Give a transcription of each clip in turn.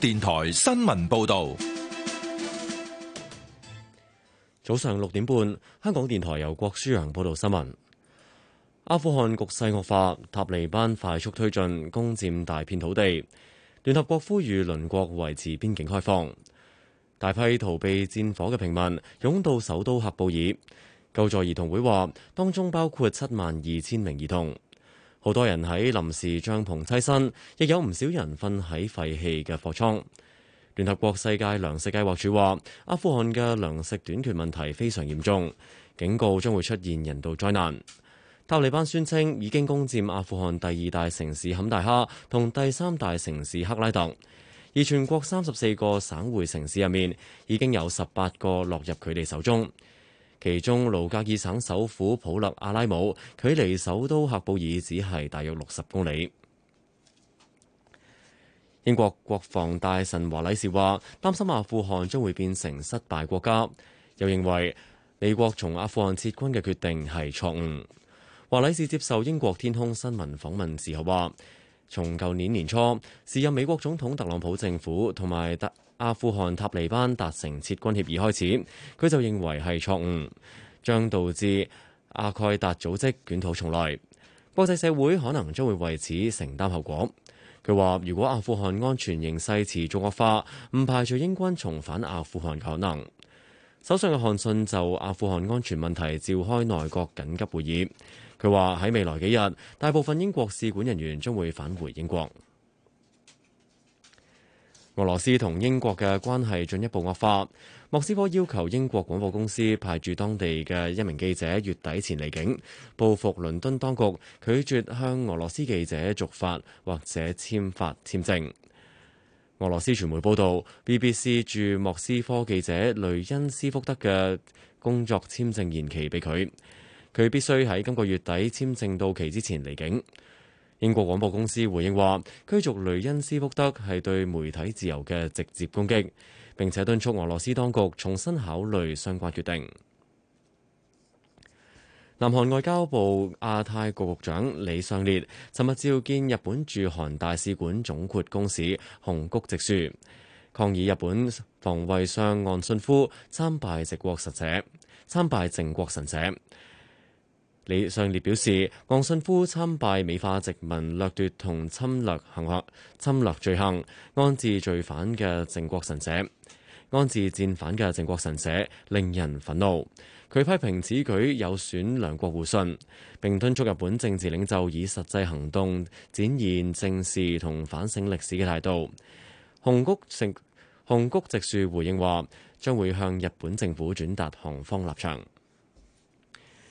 電台新聞報道：早上六點半，香港電台由郭書陽報道新聞。阿富汗局勢惡化，塔利班快速推進，攻占大片土地。聯合國呼籲鄰國維持邊境開放。大批逃避戰火嘅平民湧到首都喀布爾。救助兒童會話當中包括七萬二千名兒童。好多人喺臨時帳篷棲身，亦有唔少人瞓喺廢棄嘅貨倉。聯合國世界糧食計劃署話，阿富汗嘅糧食短缺問題非常嚴重，警告將會出現人道災難。塔利班宣稱已經攻佔阿富汗第二大城市坎大哈同第三大城市赫拉特，而全國三十四個省會城市入面已經有十八個落入佢哋手中。其中，盧格爾省首府普勒阿拉姆距離首都喀布爾只係大約六十公里。英國國防大臣華禮士話：擔心阿富汗將會變成失敗國家，又認為美國從阿富汗撤軍嘅決定係錯誤。華禮士接受英國天空新聞訪問時候話：從舊年年初，時任美國總統特朗普政府同埋特阿富汗塔利班達成撤軍協議開始，佢就認為係錯誤，將導致阿蓋達組織捲土重來，國際社會可能將會為此承擔後果。佢話：如果阿富汗安全形勢持續惡化，唔排除英軍重返阿富汗嘅可能。首相嘅漢信就阿富汗安全問題召開內閣緊急會議，佢話喺未來幾日，大部分英國使館人員將會返回英國。俄羅斯同英國嘅關係進一步惡化，莫斯科要求英國廣播公司派駐當地嘅一名記者月底前離境，報復倫敦當局拒絕向俄羅斯記者續發或者簽發簽證。俄羅斯傳媒報道，BBC 駐莫斯科記者雷恩斯福德嘅工作簽證延期被拒，佢必須喺今個月底簽證到期之前離境。英國廣播公司回應話：驅逐雷恩斯福德係對媒體自由嘅直接攻擊，並且敦促俄羅斯當局重新考慮相關決定。南韓外交部亞太局局長李尚烈尋日召見日本駐韓大使館總括公使熊谷直樹，抗議日本防衛相岸信夫參拜直國神社。參拜靖國神社。李尚烈表示，岸信夫參拜美化殖民掠奪同侵略行行、侵略罪行、安置罪犯嘅靖國神社、安置戰犯嘅靖國神社，令人憤怒。佢批評此舉有損兩國互信，並敦促日本政治領袖以實際行動展現正視同反省歷史嘅態度。紅谷城紅谷直樹回應話，將會向日本政府轉達韓方立場。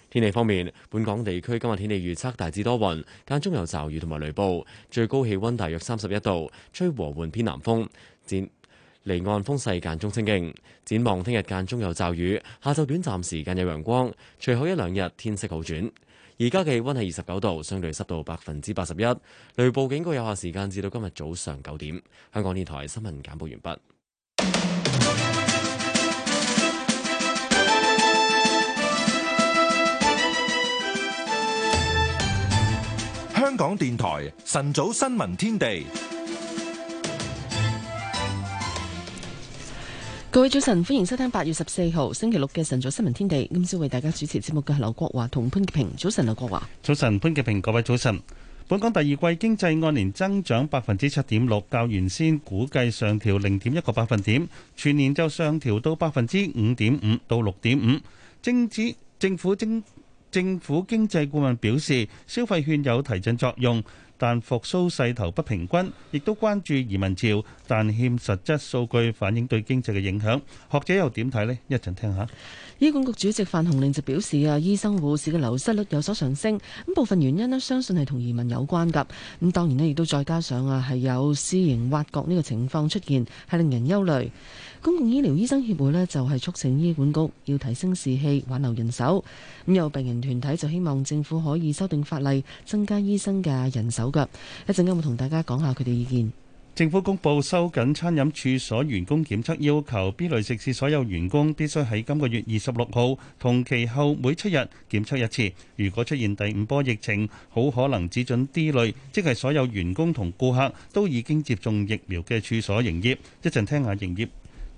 天氣方面，本港地區今日天氣預測大致多雲，間中有驟雨同埋雷暴，最高氣溫大約三十一度，吹和緩偏南風，展離岸風勢間中清勁。展望聽日間中有驟雨，下晝短暫時間有陽光，隨後一兩日天色好轉。而家嘅氣溫係二十九度，相對濕度百分之八十一，雷暴警告有效時間至到今日早上九點。香港電台新聞簡報完畢。香港電台晨早新聞天地，各位早晨，歡迎收聽八月十四號星期六嘅晨早新聞天地。今朝為大家主持節目嘅係劉國華同潘潔平。早晨，劉國華，早晨，潘潔平。各位早晨。本港第二季經濟按年增長百分之七點六，較原先估計上調零點一個百分點，全年就上調到百分之五點五到六點五。政指政府政政府經濟顧問表示，消費券有提振作用，但復甦勢頭不平均，亦都關注移民潮，但欠實質數據反映對經濟嘅影響。學者又點睇呢？一陣聽下。醫管局主席范鴻齡就表示啊，醫生護士嘅流失率有所上升，咁部分原因咧，相信係同移民有關㗎。咁當然咧，亦都再加上啊，係有私營挖角呢個情況出現，係令人憂慮。公共醫療醫生協會咧就係促請醫管局要提升士氣，挽留人手。咁有病人團體就希望政府可以修訂法例，增加醫生嘅人手㗎。一陣間會同大家講下佢哋意見。政府公布收緊餐飲處所員工檢測要求，B 類食肆所有員工必須喺今個月二十六號同其後每七日檢測一次。如果出現第五波疫情，好可能只准 D 類，即係所有員工同顧客都已經接種疫苗嘅處所營業。一陣聽下營業。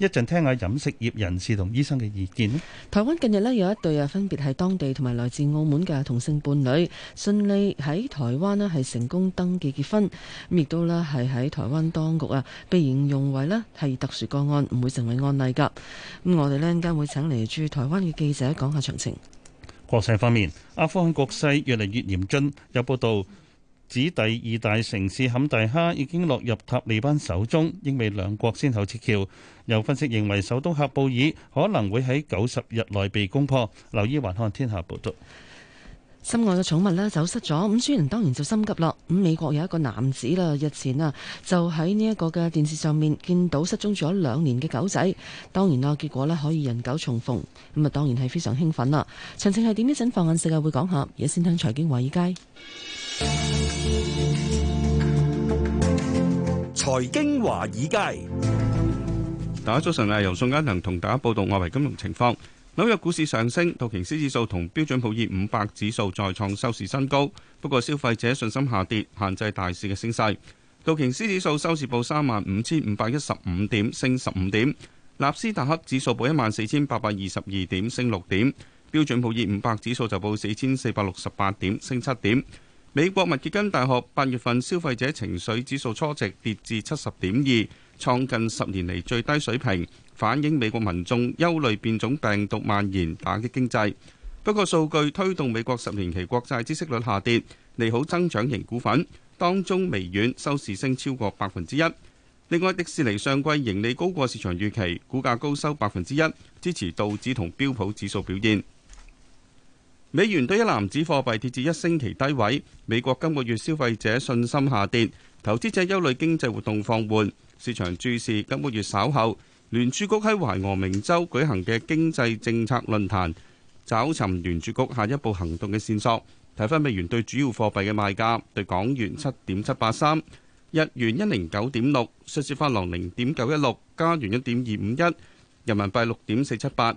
一陣聽下飲食業人士同醫生嘅意見咧。台灣近日咧有一對啊，分別係當地同埋來自澳門嘅同性伴侶，順利喺台灣咧係成功登記結婚，咁亦都咧係喺台灣當局啊被形容為咧係特殊個案，唔會成為案例㗎。咁我哋呢陣間會請嚟駐台灣嘅記者講下詳情。國際方面，阿富汗國勢越嚟越嚴峻，有報道指第二大城市坎大哈已經落入塔利班手中，英美兩國先後撤僑。有分析認為首都喀布爾可能會喺九十日內被攻破。留意還看天下報道。心愛嘅寵物咧走失咗，咁、嗯、主人當然就心急啦。咁、嗯、美國有一個男子啦，日前啊就喺呢一個嘅電視上面見到失蹤咗兩年嘅狗仔，當然啊結果咧可以人狗重逢，咁啊當然係非常興奮啦。詳情係點一陣放眼世界會講下，而家先聽財經華爾街。財經華爾街，大家早晨啊！由宋嘉良同大家報道外圍金融情況。紐約股市上升，道瓊斯指數同標準普爾五百指數再創收市新高。不過消費者信心下跌，限制大市嘅升勢。道瓊斯指數收市報三萬五千五百一十五點，升十五點；納斯達克指數報一萬四千八百二十二點，升六點；標準普爾五百指數就報四千四百六十八點，升七點。美國密歇根大學八月份消費者情緒指數初值跌至七十點二，創近十年嚟最低水平，反映美國民眾憂慮變種病毒蔓延打擊經濟。不過數據推動美國十年期國債孳息率下跌，利好增長型股份。當中微軟收市升超過百分之一，另外迪士尼上季盈利高過市場預期，股價高收百分之一，支持道指同標普指數表現。美元兌一籃子貨幣跌至一星期低位。美國今個月消費者信心下跌，投資者憂慮經濟活動放緩。市場注視今個月稍後聯儲局喺懷俄明州舉行嘅經濟政策論壇，找尋聯儲局下一步行動嘅線索。睇返美元對主要貨幣嘅賣價：對港元七點七八三，日元一零九點六，瑞士法郎零點九一六，加元一點二五一，人民幣六點四七八。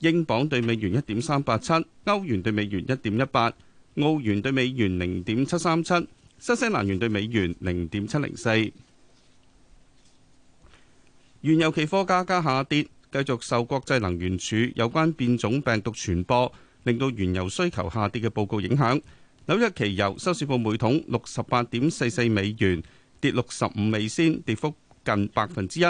英鎊兌美元一點三八七，歐元兌美元一點一八，澳元兌美元零點七三七，新西蘭元兌美元零點七零四。原油期貨價格下跌，繼續受國際能源署有關變種病毒傳播令到原油需求下跌嘅報告影響。紐約期油收市報每桶六十八點四四美元，跌六十五美仙，跌幅近百分之一。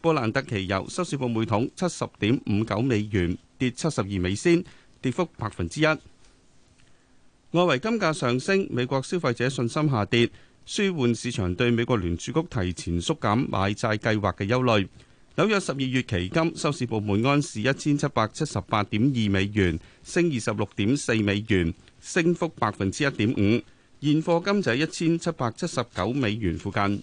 布蘭特期油收市報每桶七十點五九美元。跌七十二美仙，跌幅百分之一。外圍金價上升，美國消費者信心下跌，舒緩市場對美國聯儲局提前縮減買債計劃嘅憂慮。紐約十二月期金收市報每安士一千七百七十八點二美元，升二十六點四美元，升幅百分之一點五。現貨金就喺一千七百七十九美元附近。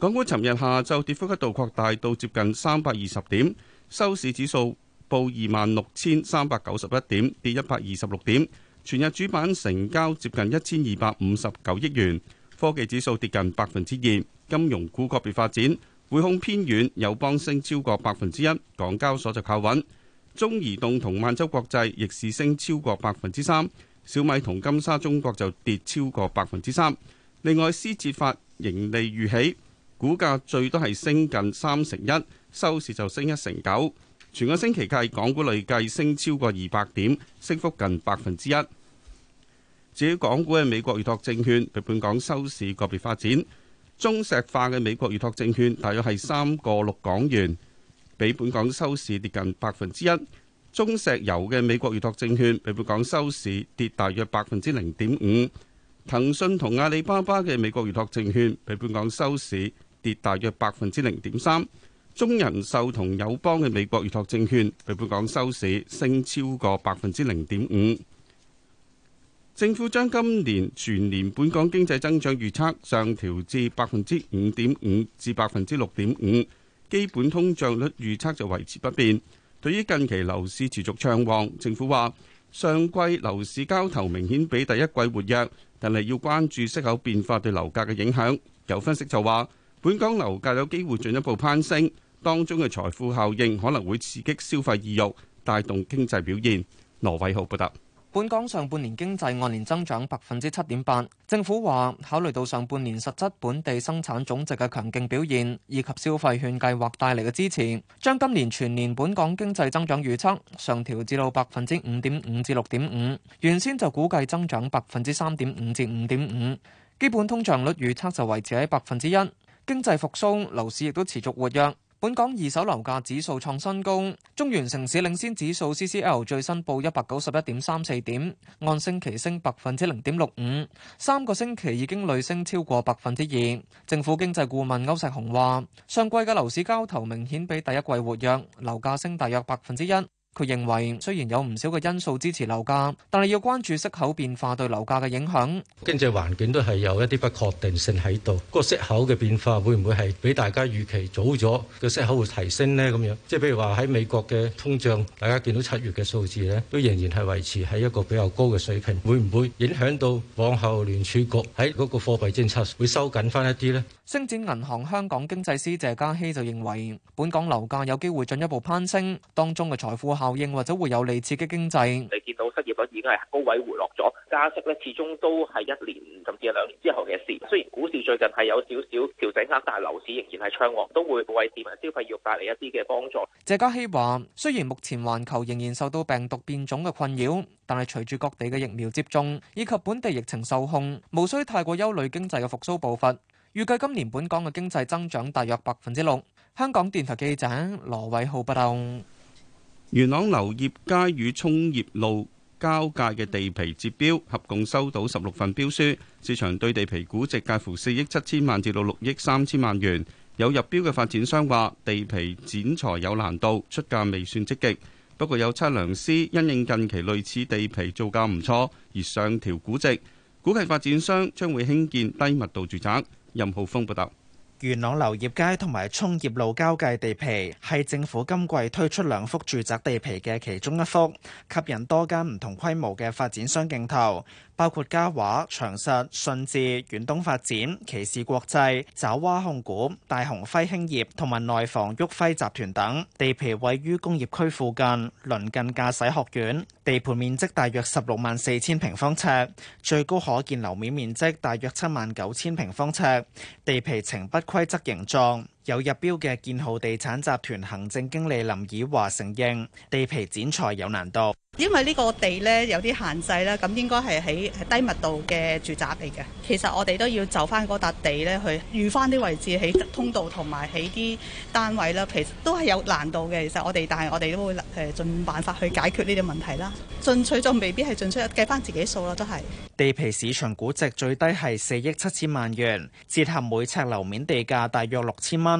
港股尋日下晝跌幅一度擴大到接近三百二十點。收市指數報二萬六千三百九十一點，跌一百二十六點。全日主板成交接近一千二百五十九億元。科技指數跌近百分之二。金融股個別發展，匯控偏軟，友邦升超過百分之一。港交所就靠穩，中移動同萬洲國際逆市升超過百分之三。小米同金沙中國就跌超過百分之三。另外法思捷發盈利預喜，股價最多係升近三成一。收市就升一成九，全個星期計，港股累計升超過二百點，升幅近百分之一。至於港股嘅美國預託證券，比本港收市個別發展。中石化嘅美國預託證券大約係三個六港元，比本港收市跌近百分之一。中石油嘅美國預託證券比本港收市跌大約百分之零點五。騰訊同阿里巴巴嘅美國預託證券比本港收市跌大約百分之零點三。中人壽同友邦嘅美國預託證券，對本港收市升超過百分之零點五。政府將今年全年本港經濟增長預測上調至百分之五點五至百分之六點五，基本通脹率預測就維持不變。對於近期樓市持續暢旺，政府話上季樓市交投明顯比第一季活躍，但係要關注息口變化對樓價嘅影響。有分析就話，本港樓價有機會進一步攀升。當中嘅財富效應可能會刺激消費意欲，帶動經濟表現。羅偉浩報道，本港上半年經濟按年增長百分之七點八。政府話考慮到上半年實質本地生產總值嘅強勁表現，以及消費券計劃帶嚟嘅支持，將今年全年本港經濟增長預測上調至到百分之五點五至六點五。原先就估計增長百分之三點五至五點五，基本通脹率預測就維持喺百分之一。經濟復甦，樓市亦都持續活躍。本港二手樓價指數創新高，中原城市領先指數 CCL 最新報一百九十一點三四點，按星期升百分之零點六五，三個星期已經累升超過百分之二。政府經濟顧問歐石雄話，上季嘅樓市交投明顯比第一季活躍，樓價升大約百分之一。佢認為雖然有唔少嘅因素支持樓價，但係要關注息口變化對樓價嘅影響。經濟環境都係有一啲不確定性喺度。個息口嘅變化會唔會係比大家預期早咗個息口會提升呢？咁樣即係譬如話喺美國嘅通脹，大家見到七月嘅數字咧，都仍然係維持喺一個比較高嘅水平，會唔會影響到往後聯儲局喺嗰個貨幣政策會收緊翻一啲呢？星展銀行香港經濟師謝家熙就認為，本港樓價有機會進一步攀升，當中嘅財富效應或者會有利刺激經濟。你哋見到失業率已經係高位回落咗，加息呢始終都係一年甚至係兩年之後嘅事。雖然股市最近係有少少調整，但係樓市仍然係暢旺，都會為市民消費欲帶嚟一啲嘅幫助。謝家熙話，雖然目前環球仍然受到病毒變種嘅困擾，但係隨住各地嘅疫苗接種以及本地疫情受控，無需太過憂慮經濟嘅復甦步伐。預計今年本港嘅經濟增長大約百分之六。香港電台記者羅偉浩報道，元朗流業街與衝業路交界嘅地皮接標，合共收到十六份標書。市場對地皮估值介乎四億七千萬至到六億三千萬元。有入標嘅發展商話，地皮剪裁有難度，出價未算積極。不過有測量師因應近期類似地皮造價唔錯而上調估值，估計發展商將會興建低密度住宅。任浩峰報道，元朗流業街同埋涌業路交界地皮係政府今季推出兩幅住宅地皮嘅其中一幅，吸引多間唔同規模嘅發展商競投。包括嘉華、長實、信置、遠東發展、騎士國際、爪哇控股、大鴻輝興業同埋內房旭輝集團等。地皮位於工業區附近，鄰近駕駛學院，地盤面積大約十六萬四千平方尺，最高可見樓面面積大約七萬九千平方尺，地皮呈不規則形狀。有入標嘅建浩地產集團行政經理林以華承認，地皮剪裁有難度，因為呢個地呢，有啲限制啦，咁應該係喺低密度嘅住宅地嘅。其實我哋都要就翻嗰笪地呢，去預翻啲位置喺通道同埋喺啲單位啦，其實都係有難度嘅。其實我哋但係我哋都會誒盡辦法去解決呢啲問題啦，進取就未必係進取計翻自己數啦，都係地皮市場估值最低係四億七千萬元，折合每尺樓面地價大約六千蚊。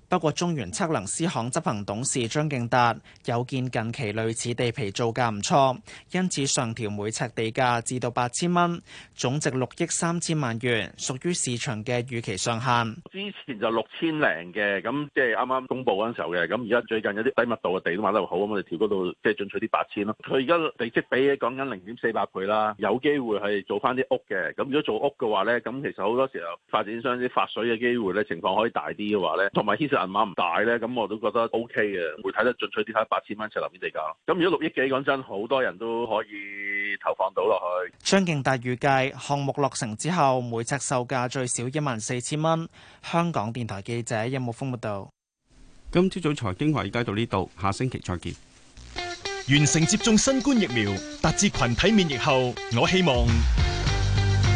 不過，中原測量師行執行董事張敬達有見近期類似地皮造價唔錯，因此上調每呎地價至到八千蚊，總值六億三千萬元，屬於市場嘅預期上限。之前就六千零嘅，咁即係啱啱公布嗰陣時候嘅，咁而家最近有啲低密度嘅地都買得好，咁我哋調高到即係進取啲八千咯。佢而家地積比講緊零點四八倍啦，有機會係做翻啲屋嘅。咁如果做屋嘅話咧，咁其實好多時候發展商啲發水嘅機會咧，情況可以大啲嘅話咧，同埋金額唔大咧，咁我都覺得 O K 嘅，會睇得進取啲，睇八千蚊尺樓面地價。咁如果六億幾講真，好多人都可以投放到落去。張敬達預計項目落成之後，每尺售價最少一萬四千蚊。香港電台記者任木峰報道。今朝早財經華爾街到呢度，下星期再見。完成接種新冠疫苗，達至群體免疫後，我希望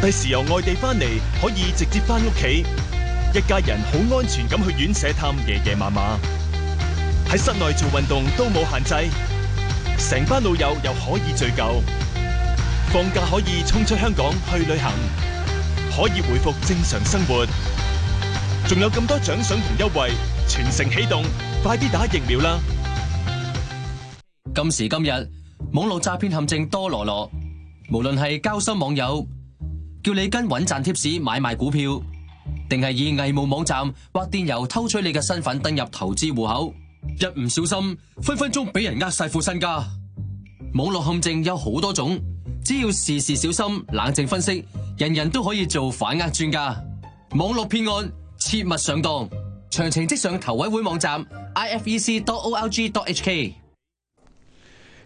第時由外地翻嚟，可以直接翻屋企。一家人好安全咁去院舍探爺爺嫲嫲，喺室內做運動都冇限制，成班老友又可以聚舊，放假可以衝出香港去旅行，可以回復正常生活，仲有咁多獎賞同優惠，全城起動，快啲打疫苗啦！今時今日，網絡詐騙陷阱多羅羅，無論係交心網友，叫你跟穩賺貼士買賣股票。定係以偽冒網站或電郵偷取你嘅身份登入投資戶口，一唔小心，分分鐘俾人呃晒副身家。網絡陷阱有好多種，只要時時小心，冷靜分析，人人都可以做反呃專家。網絡騙案切勿上當，詳情即上投委會網站 ifec.org.hk。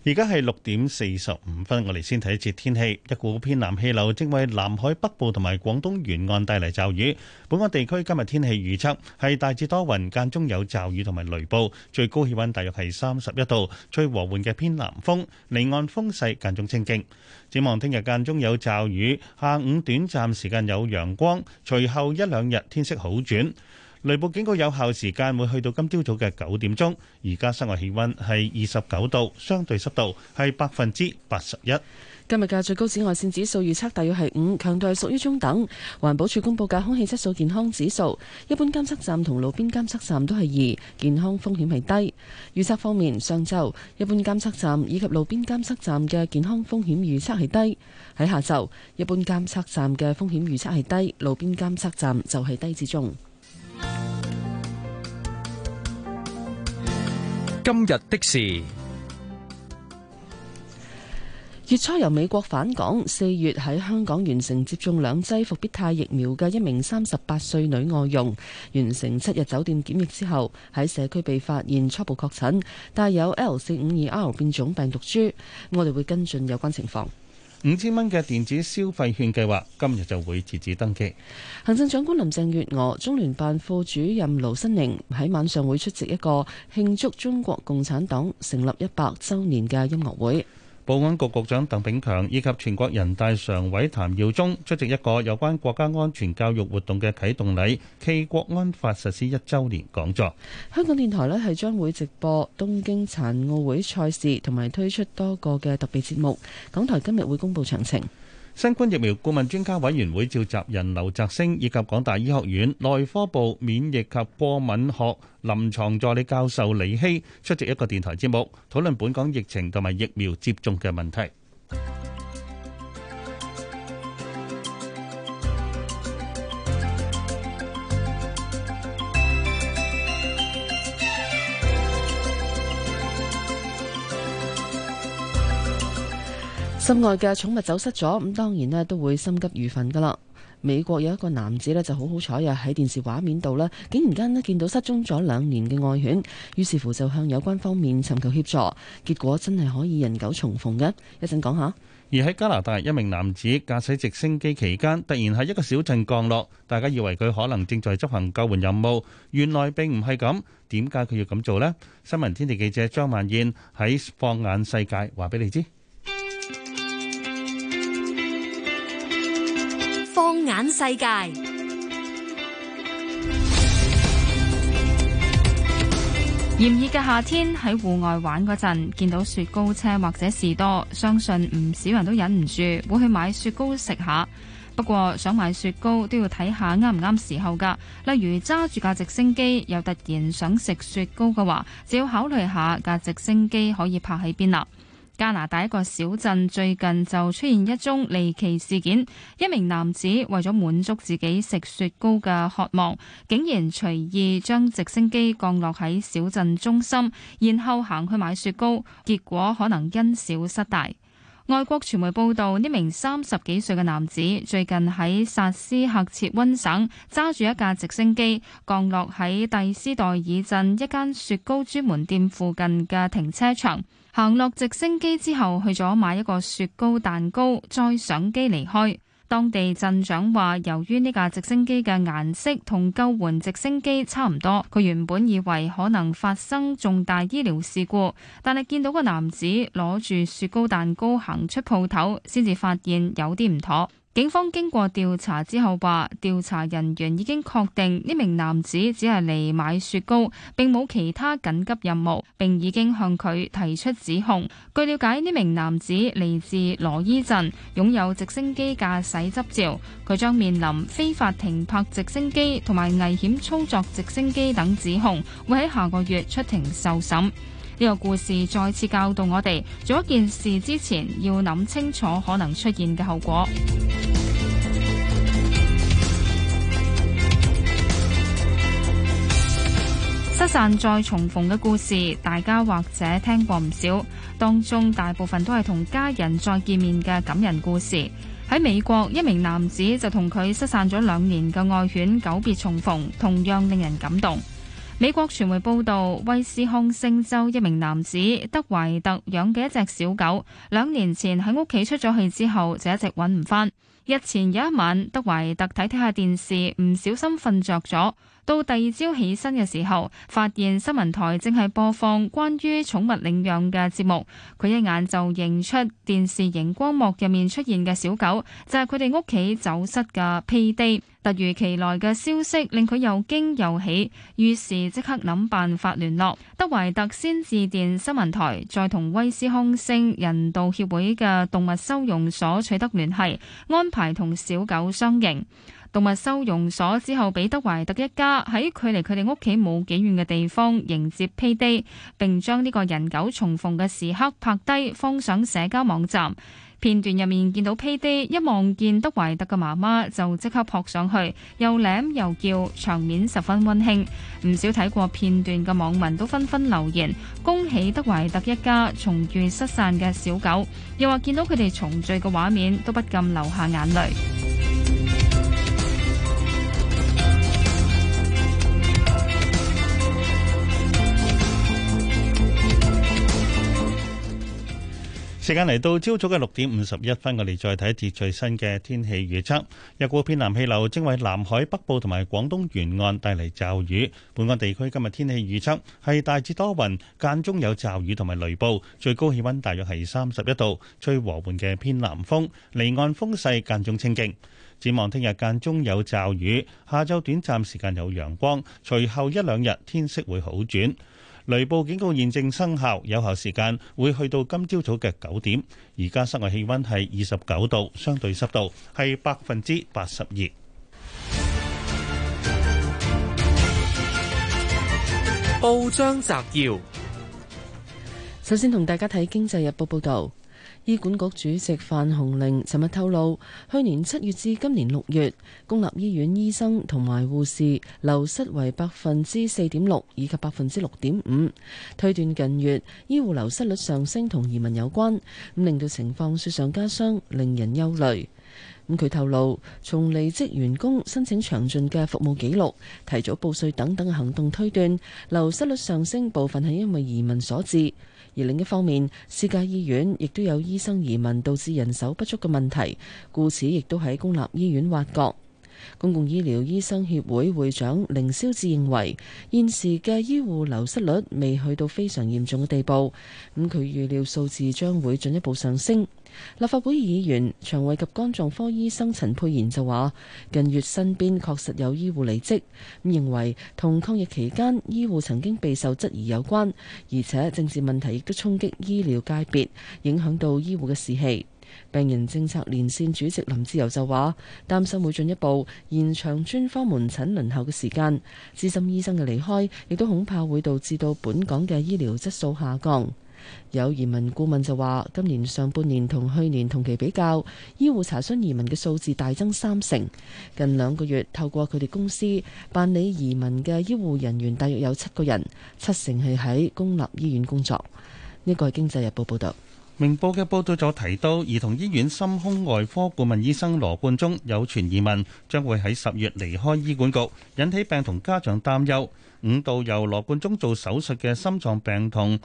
而家係六點四十五分，我哋先睇一次天氣。一股偏南氣流正為南海北部同埋廣東沿岸帶嚟驟雨。本港地區今日天氣預測係大致多雲，間中有驟雨同埋雷暴，最高氣溫大約係三十一度，吹和緩嘅偏南風，離岸風勢間中清勁。展望聽日間中有驟雨，下午短暫時間有陽光，隨後一兩日天色好轉。雷暴警告有效時間會去到今朝早嘅九點鐘。而家室外氣溫係二十九度，相對濕度係百分之八十一。今日嘅最高紫外線指數預測大約係五，強度係屬於中等。環保署公布嘅空氣質素健康指數，一般監測站同路邊監測站都係二，健康風險係低。預測方面，上晝一般監測站以及路邊監測站嘅健康風險預測係低，喺下晝一般監測站嘅風險預測係低，路邊監測站就係低至中。今日的事，月初由美國返港，四月喺香港完成接種兩劑復必泰疫苗嘅一名三十八歲女外傭，完成七日酒店檢疫之後喺社區被發現初步確診，帶有 L 四五二 R 變種病毒株。我哋會跟進有關情況。五千蚊嘅電子消費券計劃今日就會截止登記。行政長官林鄭月娥、中聯辦副主任盧新寧喺晚上會出席一個慶祝中國共產黨成立一百週年嘅音樂會。保安局局長鄧炳強以及全國人大常委譚耀宗出席一個有關國家安全教育活動嘅啟動禮暨國安法實施一週年講座。香港電台呢係將會直播東京殘奧會賽事，同埋推出多個嘅特別節目。港台今日會公布詳情。新冠疫苗顧問專家委員會召集人劉澤星以及港大醫學院內科部免疫及過敏學臨床助理教授李希出席一個電台節目，討論本港疫情同埋疫苗接種嘅問題。心愛嘅寵物走失咗，咁當然呢都會心急如焚噶啦。美國有一個男子呢就好好彩啊，喺電視畫面度呢，竟然間呢見到失蹤咗兩年嘅愛犬，於是乎就向有關方面尋求協助，結果真係可以人狗重逢嘅。一陣講下。而喺加拿大，一名男子駕駛直升機期間，突然喺一個小鎮降落，大家以為佢可能正在執行救援任務，原來並唔係咁。點解佢要咁做呢？新聞天地記者張萬燕喺放眼世界，話俾你知。放眼世界，炎熱嘅夏天喺戶外玩嗰陣，見到雪糕車或者士多，相信唔少人都忍唔住會去買雪糕食下。不過想買雪糕都要睇下啱唔啱時候㗎。例如揸住架直升機，又突然想食雪糕嘅話，就要考慮下架直升機可以泊喺邊啦。加拿大一個小鎮最近就出現一宗離奇事件，一名男子為咗滿足自己食雪糕嘅渴望，竟然隨意將直升機降落喺小鎮中心，然後行去買雪糕，結果可能因小失大。外國傳媒報道，呢名三十幾歲嘅男子最近喺薩斯喀徹溫省揸住一架直升機降落喺蒂斯代爾鎮一間雪糕專門店附近嘅停車場。行落直升機之後，去咗買一個雪糕蛋糕，再上機離開。當地鎮長話，由於呢架直升機嘅顏色同救援直升機差唔多，佢原本以為可能發生重大醫療事故，但係見到個男子攞住雪糕蛋糕行出鋪頭，先至發現有啲唔妥。警方經過調查之後話，調查人員已經確定呢名男子只係嚟買雪糕，並冇其他緊急任務，並已經向佢提出指控。據了解，呢名男子嚟自羅伊鎮，擁有直升機駕駛執照，佢將面臨非法停泊直升機同埋危險操作直升機等指控，會喺下個月出庭受審。呢個故事再次教導我哋，做一件事之前要諗清楚可能出現嘅後果。失散再重逢嘅故事，大家或者聽過唔少，當中大部分都係同家人再見面嘅感人故事。喺美國，一名男子就同佢失散咗兩年嘅愛犬久別重逢，同樣令人感動。美國傳媒報道，威斯康星州一名男子德懷特養嘅一隻小狗，兩年前喺屋企出咗去之後就一直揾唔返。日前有一晚，德懷特睇睇下電視，唔小心瞓着咗。到第二朝起身嘅時候，發現新聞台正係播放關於寵物領養嘅節目，佢一眼就認出電視熒光幕入面出現嘅小狗就係佢哋屋企走失嘅 P.D。突如其來嘅消息令佢又驚又喜，於是即刻諗辦法聯絡德懷特，先致電新聞台，再同威斯康星人道協會嘅動物收容所取得聯繫，安排同小狗相認。動物收容所之後，俾德懷特一家喺距離佢哋屋企冇幾遠嘅地方迎接 PD 並將呢個人狗重逢嘅時刻拍低，放上社交網站。片段入面見到 PD 一望見德懷特嘅媽媽就即刻撲上去，又舐又叫，場面十分温馨。唔少睇過片段嘅網民都紛紛留言，恭喜德懷特一家重遇失散嘅小狗，又話見到佢哋重聚嘅畫面都不禁流下眼淚。時間嚟到朝早嘅六點五十一分，我哋再睇一節最新嘅天氣預測。一股偏南氣流正為南海北部同埋廣東沿岸帶嚟驟雨。本港地區今日天氣預測係大致多雲，間中有驟雨同埋雷暴，最高氣溫大約係三十一度，吹和緩嘅偏南風，離岸風勢間中清勁。展望聽日間中有驟雨，下晝短暫時間有陽光，隨後一兩日天色會好轉。雷暴警告現正生效，有效時間會去到今朝早嘅九點。而家室外氣温係二十九度，相對濕度係百分之八十二。報章摘要，首先同大家睇《經濟日報》報導。醫管局主席范鴻齡尋日透露，去年七月至今年六月，公立醫院醫生同埋護士流失為百分之四點六以及百分之六點五，推斷近月醫護流失率上升同移民有關，咁令到情況雪上加霜，令人憂慮。佢透露，從離職員工申請詳盡嘅服務記錄、提早報稅等等行動推斷，流失率上升部分係因為移民所致；而另一方面，私家醫院亦都有醫生移民導致人手不足嘅問題，故此亦都喺公立醫院挖角。公共醫療醫生協會會長凌霄志認為，現時嘅醫護流失率未去到非常嚴重嘅地步，咁佢預料數字將會進一步上升。立法會議員腸胃及肝臟科醫生陳沛然就話：近月身邊確實有醫護離職，咁認為同抗疫期間醫護曾經備受質疑有關，而且政治問題亦都衝擊醫療界別，影響到醫護嘅士氣。病人政策連線主席林志由就話：擔心會進一步延長專科門診輪候嘅時間，資深醫生嘅離開亦都恐怕會導致到本港嘅醫療質素下降。有移民顧問就話：今年上半年同去年同期比較，醫護查詢移民嘅數字大增三成。近兩個月透過佢哋公司辦理移民嘅醫護人員大約有七個人，七成係喺公立醫院工作。呢個係《經濟日報》報道。明報嘅報導就提到，兒童醫院心胸外科顧問醫生羅冠中有傳移民，將會喺十月離開醫管局，引起病童家長擔憂。五度由羅冠中做手術嘅心臟病童，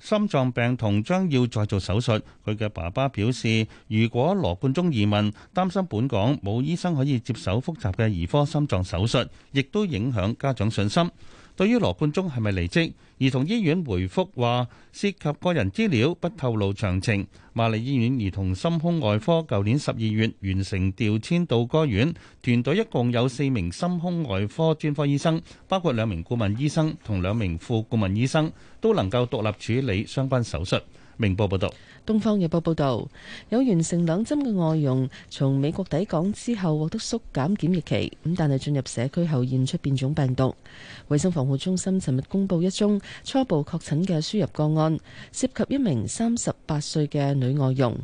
心臟病童將要再做手術。佢嘅爸爸表示，如果羅冠中移民，擔心本港冇醫生可以接手複雜嘅兒科心臟手術，亦都影響家長信心。對於羅冠中係咪離職，兒童醫院回覆話涉及個人資料，不透露詳情。瑪麗醫院兒童心胸外科舊年十二月完成調遷到該院，團隊一共有四名心胸外科專科醫生，包括兩名顧問醫生同兩名副顧問醫生，都能夠獨立處理相關手術。明報報道。《東方日報》報道，有完成兩針嘅外傭從美國抵港之後獲得縮減檢疫期，咁但係進入社區後驗出變種病毒。衞生防護中心尋日公布一宗初步確診嘅輸入個案，涉及一名三十八歲嘅女外傭，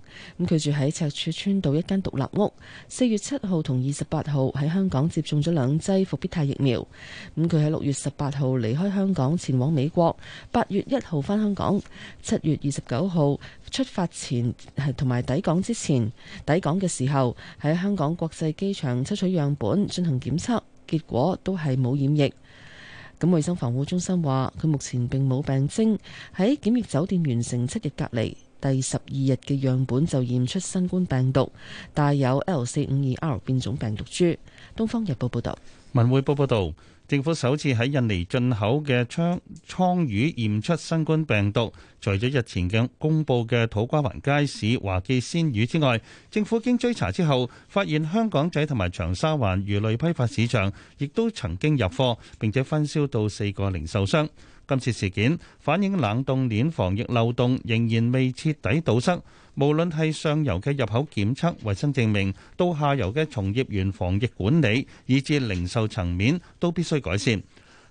咁佢住喺赤柱村道一間獨立屋。四月七號同二十八號喺香港接種咗兩劑復必泰疫苗，咁佢喺六月十八號離開香港前往美國，八月一號返香港，七月二十九號。出發前係同埋抵港之前，抵港嘅時候喺香港國際機場抽取樣本進行檢測，結果都係冇染疫。咁，衛生防護中心話佢目前並冇病徵，喺檢疫酒店完成七日隔離，第十二日嘅樣本就驗出新冠病毒帶有 L 四五二 R 變種病毒株。《東方日報》報道。《文匯報》報道。政府首次喺印尼進口嘅倉倉魚驗出新冠病毒，除咗日前嘅公佈嘅土瓜灣街市華記鮮魚之外，政府經追查之後，發現香港仔同埋長沙灣魚類批發市場亦都曾經入貨，並且分銷到四個零售商。今次事件反映冷凍鏈防疫漏洞仍然未徹底堵塞，無論係上游嘅入口檢測、衞生證明，到下游嘅從業員防疫管理，以至零售層面，都必須改善。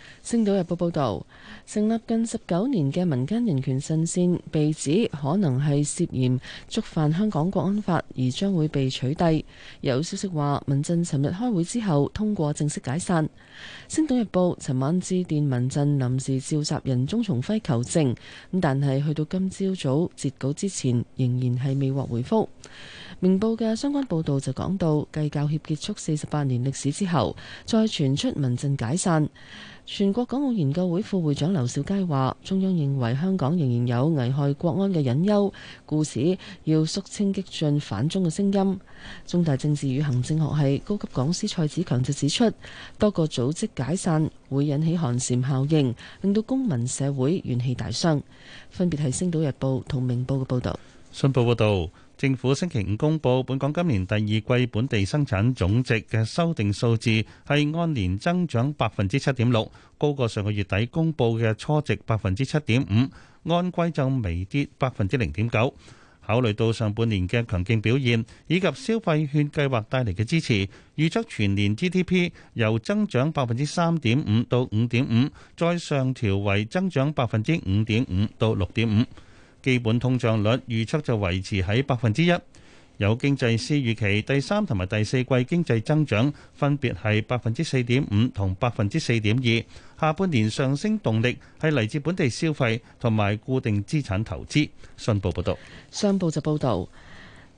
《星島日報》報道，成立近十九年嘅民間人權陣線被指可能係涉嫌觸犯香港國安法，而將會被取締。有消息話，民陣尋日開會之後通過正式解散。《星島日報》尋晚致電民陣臨時召集人鍾松輝求證，咁但係去到今朝早截稿之前，仍然係未獲回覆。《明報》嘅相關報道就講到，繼教協結束四十八年歷史之後，再傳出民陣解散。全國港澳研究會副會長劉兆佳話：中央認為香港仍然有危害國安嘅隱憂，故此要肅清激進反中嘅聲音。中大政治與行政學系高級講師蔡子強就指出，多個組織解散會引起寒蟬效應，令到公民社會元氣大傷。分別係《星島日報》同《明報》嘅報導。信報報道。政府星期五公佈本港今年第二季本地生產總值嘅修訂數字，係按年增長百分之七點六，高過上個月底公佈嘅初值百分之七點五，按季就微跌百分之零點九。考慮到上半年嘅強勁表現以及消費券計劃帶嚟嘅支持，預測全年 GDP 由增長百分之三點五到五點五，再上調為增長百分之五點五到六點五。基本通脹率預測就維持喺百分之一。有經濟師預期第三同埋第四季經濟增長分別係百分之四點五同百分之四點二。下半年上升動力係嚟自本地消費同埋固定資產投資。信報報道，商報就報道。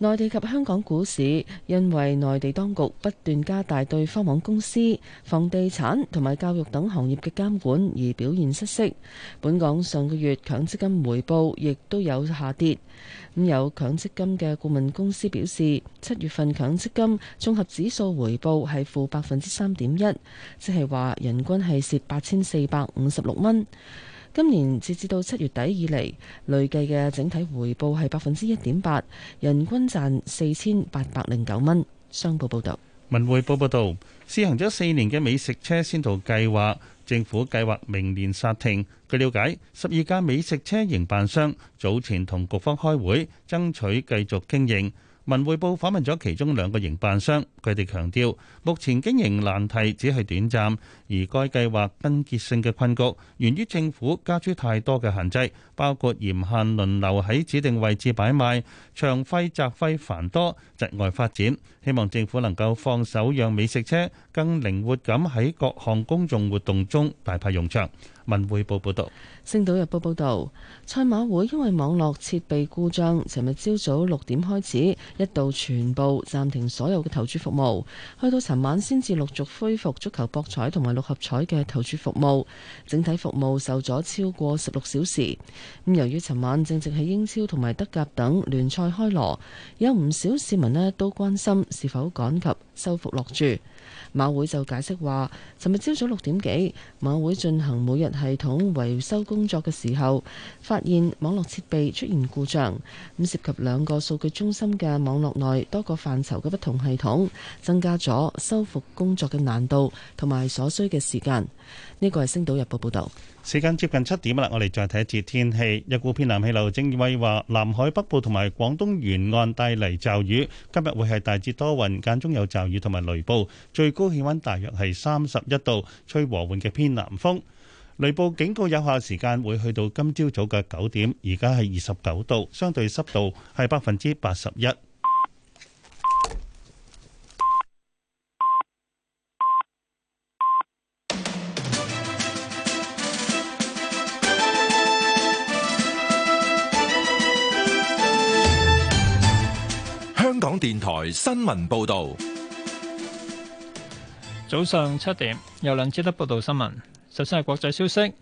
內地及香港股市因為內地當局不斷加大對科網公司、房地產同埋教育等行業嘅監管而表現失色。本港上個月強積金回報亦都有下跌。咁有強積金嘅顧問公司表示，七月份強積金綜合指數回報係負百分之三點一，即係話人均係蝕八千四百五十六蚊。今年截至到七月底以嚟，累計嘅整體回報係百分之一點八，人均賺四千八百零九蚊。商報報道，文匯報報道，試行咗四年嘅美食車先導計劃，政府計劃明年煞停。據了解，十二家美食車營辦商早前同局方開會爭取繼續經營。文匯報訪問咗其中兩個營辦商，佢哋強調，目前經營難題只係短暫，而該計劃根結性嘅困局源於政府加諸太多嘅限制，包括嚴限輪流喺指定位置擺賣、場費雜費繁多、窒礙發展。希望政府能夠放手，讓美食車更靈活咁喺各項公眾活動中大派用場。文匯報報道，星島日報報道，賽馬會因為網絡設備故障，尋日朝早六點開始一度全部暫停所有嘅投注服務，去到尋晚先至陸續恢復足球博彩同埋六合彩嘅投注服務，整體服務受阻超過十六小時。咁由於尋晚正值喺英超同埋德甲等聯賽開鑼，有唔少市民呢都關心是否趕及收復落注。馬會就解釋話，尋日朝早六點幾，馬會進行每日系統維修工作嘅時候，發現網絡設備出現故障，咁涉及兩個數據中心嘅網絡內多個範疇嘅不同系統，增加咗修復工作嘅難度同埋所需嘅時間。呢個係《星島日報》報道。時間接近七點啦，我哋再睇一次天氣。一股偏南氣流正威化南海北部同埋廣東沿岸帶嚟驟雨，今日會係大致多雲，間中有驟雨同埋雷暴，最高氣溫大約係三十一度，吹和緩嘅偏南風。雷暴警告有效時間會去到今朝早嘅九點，而家係二十九度，相對濕度係百分之八十一。香港電台新聞報道，早上七點有梁志德報道新聞。首先係國際消息，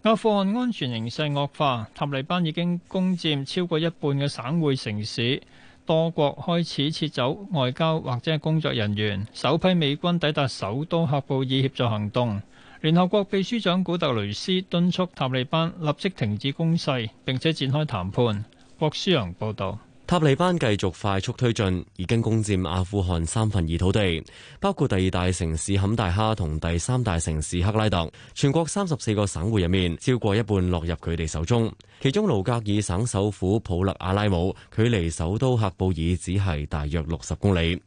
阿富汗安全形勢惡化，塔利班已經攻佔超過一半嘅省會城市，多國開始撤走外交或者係工作人員。首批美軍抵達首都喀布爾協助行動。聯合國秘書長古特雷斯敦促塔利班立即停止攻勢，並且展開談判。郭舒陽報道。塔利班繼續快速推進，已經攻佔阿富汗三分二土地，包括第二大城市坎大哈同第三大城市克拉特。全國三十四個省會入面，超過一半落入佢哋手中。其中盧格爾省首府普勒阿拉姆，距離首都喀布爾只係大約六十公里。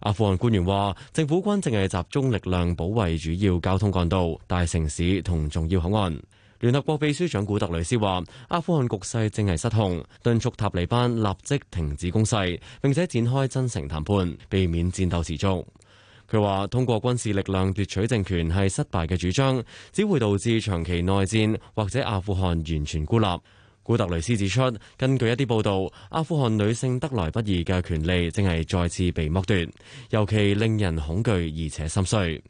阿富汗官員話：政府軍正係集中力量保衛主要交通幹道、大城市同重要口岸。聯合國秘書長古特雷斯話：阿富汗局勢正係失控，敦促塔利班立即停止攻勢，並且展開真誠談判，避免戰鬥持續。佢話：通過軍事力量奪取政權係失敗嘅主張，只會導致長期內戰或者阿富汗完全孤立。古特雷斯指出，根據一啲報道，阿富汗女性得來不易嘅權利正係再次被剝奪，尤其令人恐懼而且心碎。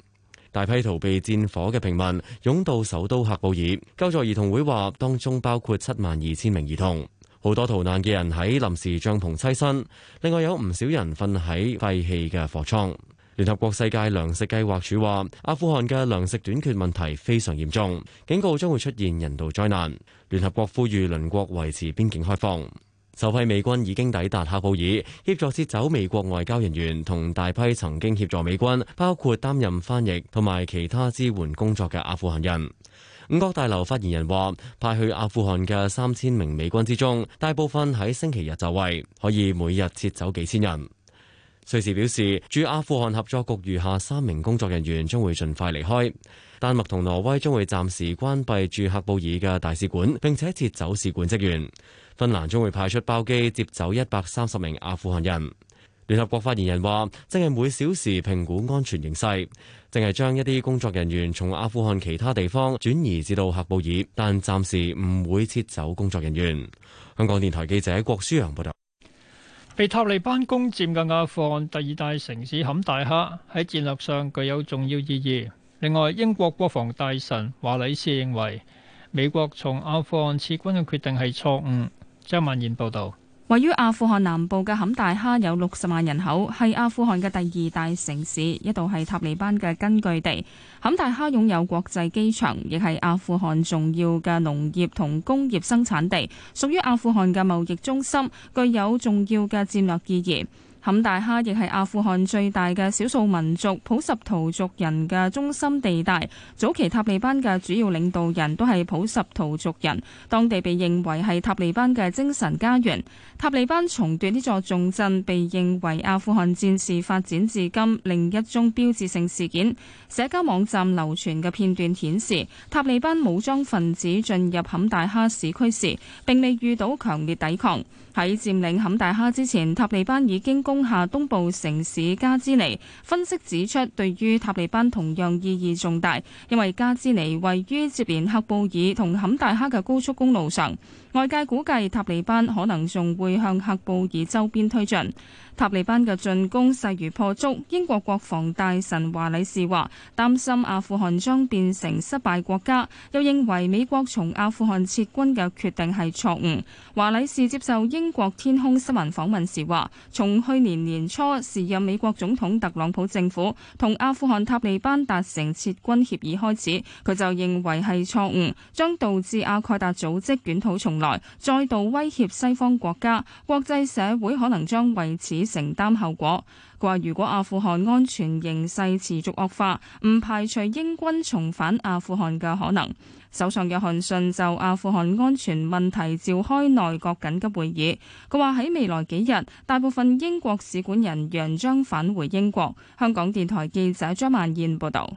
大批逃避戰火嘅平民湧到首都喀布爾，救助兒童會話，當中包括七萬二千名兒童。好多逃難嘅人喺臨時帳篷棲身，另外有唔少人瞓喺廢棄嘅貨倉。聯合國世界糧食計劃署話，阿富汗嘅糧食短缺問題非常嚴重，警告將會出現人道災難。聯合國呼籲鄰國維持邊境開放。首批美軍已經抵達喀布爾，協助撤走美國外交人員同大批曾經協助美軍，包括擔任翻譯同埋其他支援工作嘅阿富汗人。五角大樓發言人話：派去阿富汗嘅三千名美軍之中，大部分喺星期日就位，可以每日撤走幾千人。瑞士表示，駐阿富汗合作局餘下三名工作人員將會盡快離開。丹麥同挪威將會暫時關閉駐喀布爾嘅大使館，並且撤走使館職員。芬蘭將會派出包機接走一百三十名阿富汗人。聯合國發言人話，正係每小時評估安全形勢，淨係將一啲工作人員從阿富汗其他地方轉移至到喀布爾，但暫時唔會撤走工作人員。香港電台記者郭舒揚報道。被塔利班攻佔嘅阿富汗第二大城市坎大哈喺戰略上具有重要意義。另外，英國國防大臣華里士認為美國從阿富汗撤軍嘅決定係錯誤。張曼燕報道，位於阿富汗南部嘅坎大哈有六十萬人口，係阿富汗嘅第二大城市，一度係塔利班嘅根據地。坎大哈擁有國際機場，亦係阿富汗重要嘅農業同工業生產地，屬於阿富汗嘅貿易中心，具有重要嘅戰略意義。坎大哈亦係阿富汗最大嘅少數民族普什圖族人嘅中心地帶，早期塔利班嘅主要領導人都係普什圖族人，當地被認為係塔利班嘅精神家園。塔利班重奪呢座重鎮，被認為阿富汗戰事發展至今另一宗標誌性事件。社交網站流傳嘅片段顯示，塔利班武裝分子進入坎大哈市區時，並未遇到強烈抵抗。喺佔領坎大哈之前，塔利班已經攻下東部城市加茲尼。分析指出，對於塔利班同樣意義重大，因為加茲尼位於接連喀布爾同坎大哈嘅高速公路上。外界估計塔利班可能仲會向喀布爾周邊推進。塔利班嘅進攻勢如破竹。英國國防大臣華禮士話：擔心阿富汗將變成失敗國家，又認為美國從阿富汗撤軍嘅決定係錯誤。華禮士接受英國天空新聞訪問時話：從去年年初時任美國總統特朗普政府同阿富汗塔利班達成撤軍協議開始，佢就認為係錯誤，將導致阿蓋達組織捲土重來來再度威脅西方國家，國際社會可能將為此承擔後果。佢話如果阿富汗安全形勢持續惡化，唔排除英軍重返阿富汗嘅可能。首相約翰遜就阿富汗安全問題召開內閣緊急會議。佢話喺未來幾日，大部分英國使館人員將返回英國。香港電台記者張曼燕報道。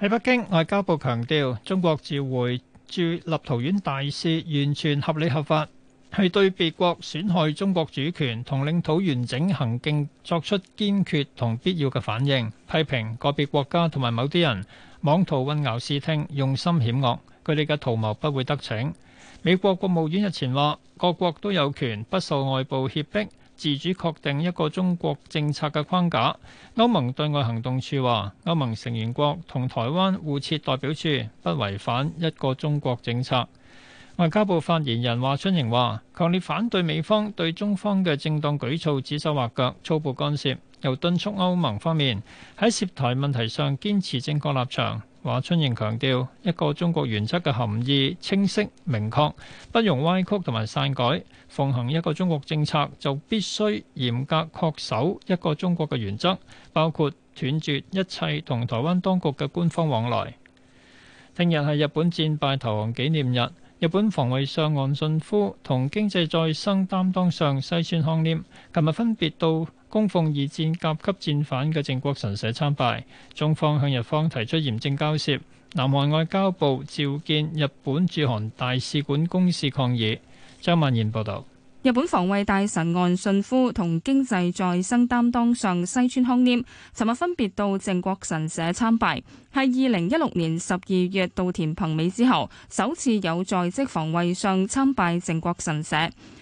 喺北京，外交部強調中國召回。駐立陶宛大使完全合理合法，係對別國損害中國主權同領土完整行徑作出堅決同必要嘅反應，批評個別國家同埋某啲人妄圖混淆視聽，用心險惡。佢哋嘅圖謀不會得逞。美國國務院日前話，各國都有權不受外部脅迫。自主確定一個中國政策嘅框架。歐盟對外行動處話，歐盟成員國同台灣互設代表處不違反一個中國政策。外交部發言人華春瑩話，強烈反對美方對中方嘅正當舉措指手畫腳、粗暴干涉，又敦促歐盟方面喺涉台問題上堅持正確立場。華春瑩強調，一個中國原則嘅含義清晰明確，不容歪曲同埋篡改。奉行一個中國政策就必須嚴格確守一個中國嘅原則，包括斷絕一切同台灣當局嘅官方往來。聽日係日本戰敗投降紀念日，日本防衛相岸信夫同經濟再生擔當相西村康稔，琴日分別到供奉二戰甲級戰犯嘅靖國神社參拜，中方向日方提出嚴正交涉。南韓外交部召見日本駐韓大使館公使抗議。張曼賢報道：「日本防衛大臣岸信夫同經濟再生擔當上西村康稔，尋日分別到靖國神社參拜，係二零一六年十二月稻田朋美之後，首次有在職防衛上參拜靖國神社。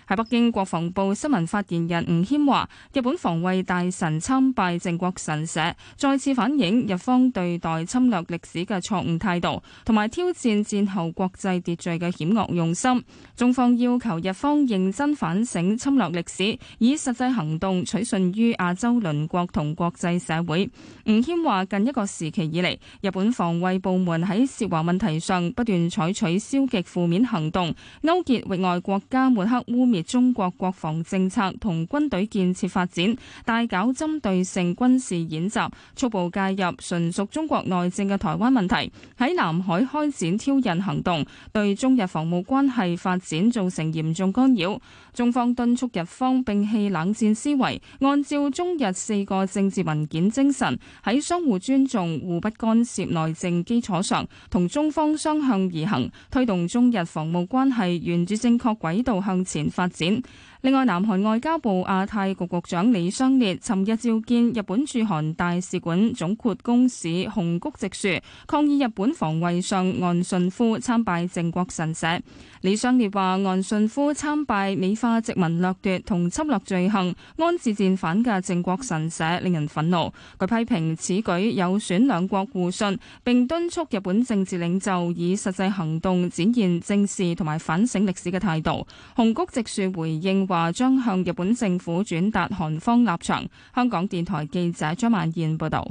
喺北京，國防部新聞發言人吳謙話，日本防衛大臣參拜靖國神社，再次反映日方對待侵略歷史嘅錯誤態度，同埋挑戰戰後國際秩序嘅險惡用心。中方要求日方認真反省侵略歷史，以實際行動取信於亞洲鄰國同國際社會，吳謙話近一個時期以嚟，日本防衛部門喺涉華問題上不斷採取消極負面行動，勾結域外國家抹黑污衊。中國國防政策同軍隊建設發展，大搞針對性軍事演習，粗暴介入純屬中國內政嘅台灣問題，喺南海開展挑釁行動，對中日防務關係發展造成嚴重干擾。中方敦促日方摒棄冷戰思維，按照中日四個政治文件精神，喺相互尊重、互不干涉內政基礎上，同中方相向而行，推動中日防務關係沿住正確軌道向前發展。另外，南韓外交部亞太局局長李相烈尋日召見日本駐韓大使館總括公使熊谷直樹，抗議日本防衛相岸信夫參拜靖國神社。李相烈話，岸信夫參拜美化殖民掠奪同侵略罪行、安置戰犯嘅靖國神社，令人憤怒。佢批評此舉有損兩國互信，並敦促日本政治領袖以實際行動展現正視同埋反省歷史嘅態度。紅谷直樹回應話，將向日本政府轉達韓方立場。香港電台記者張曼燕報道。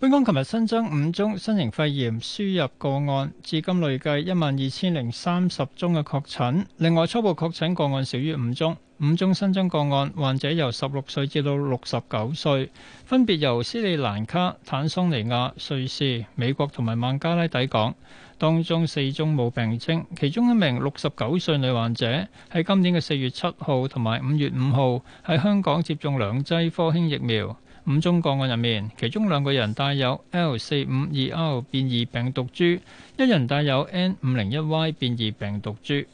本港琴日新增五宗新型肺炎輸入個案，至今累計一萬二千零三十宗嘅確診。另外，初步確診個案少於五宗，五宗新增個案患者由十六歲至到六十九歲，分別由斯里蘭卡、坦桑尼亞、瑞士、美國同埋孟加拉抵港。當中四宗冇病徵，其中一名六十九歲女患者喺今年嘅四月七號同埋五月五號喺香港接種兩劑科興疫苗。五宗個案入面，其中兩個人帶有 L 四五二 R 變異病毒株，一人帶有 N 五零一 Y 變異病毒株。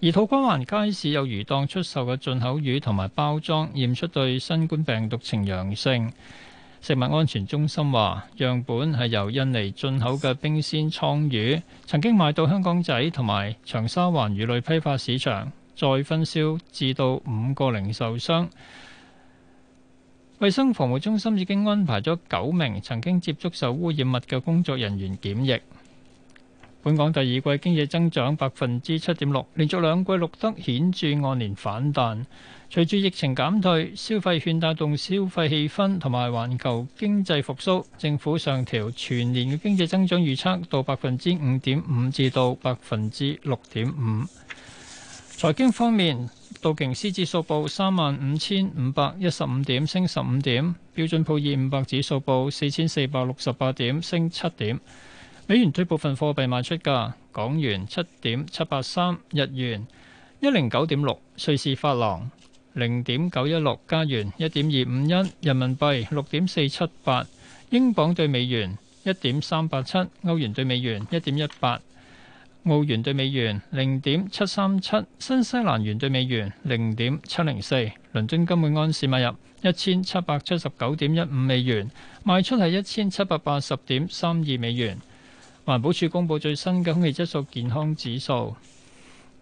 而土瓜灣街市有魚檔出售嘅進口魚同埋包裝，驗出對新冠病毒呈陽性。食物安全中心話，樣本係由印尼進口嘅冰鮮倉魚，曾經賣到香港仔同埋長沙灣魚類批發市場，再分銷至到五個零售商。衛生防護中心已經安排咗九名曾經接觸受污染物嘅工作人員檢疫。本港第二季經濟增長百分之七點六，連續兩季錄得顯著按年反彈。隨住疫情減退，消費券帶動消費氣氛，同埋環球經濟復蘇，政府上調全年嘅經濟增長預測到百分之五點五至到百分之六點五。財經方面。道瓊斯指數報三萬五千五百一十五點，升十五點。標準普爾五百指數報四千四百六十八點，升七點。美元對部分貨幣賣出價：港元七點七八三，日元一零九點六，瑞士法郎零點九一六，加元一點二五一，人民幣六點四七八，英鎊對美元一點三八七，歐元對美元一點一八。澳元兌美元零點七三七，新西蘭元兌美元零點七零四，倫敦金每安士買入一千七百七十九點一五美元，賣出係一千七百八十點三二美元。環保署公布最新嘅空氣質素健康指數，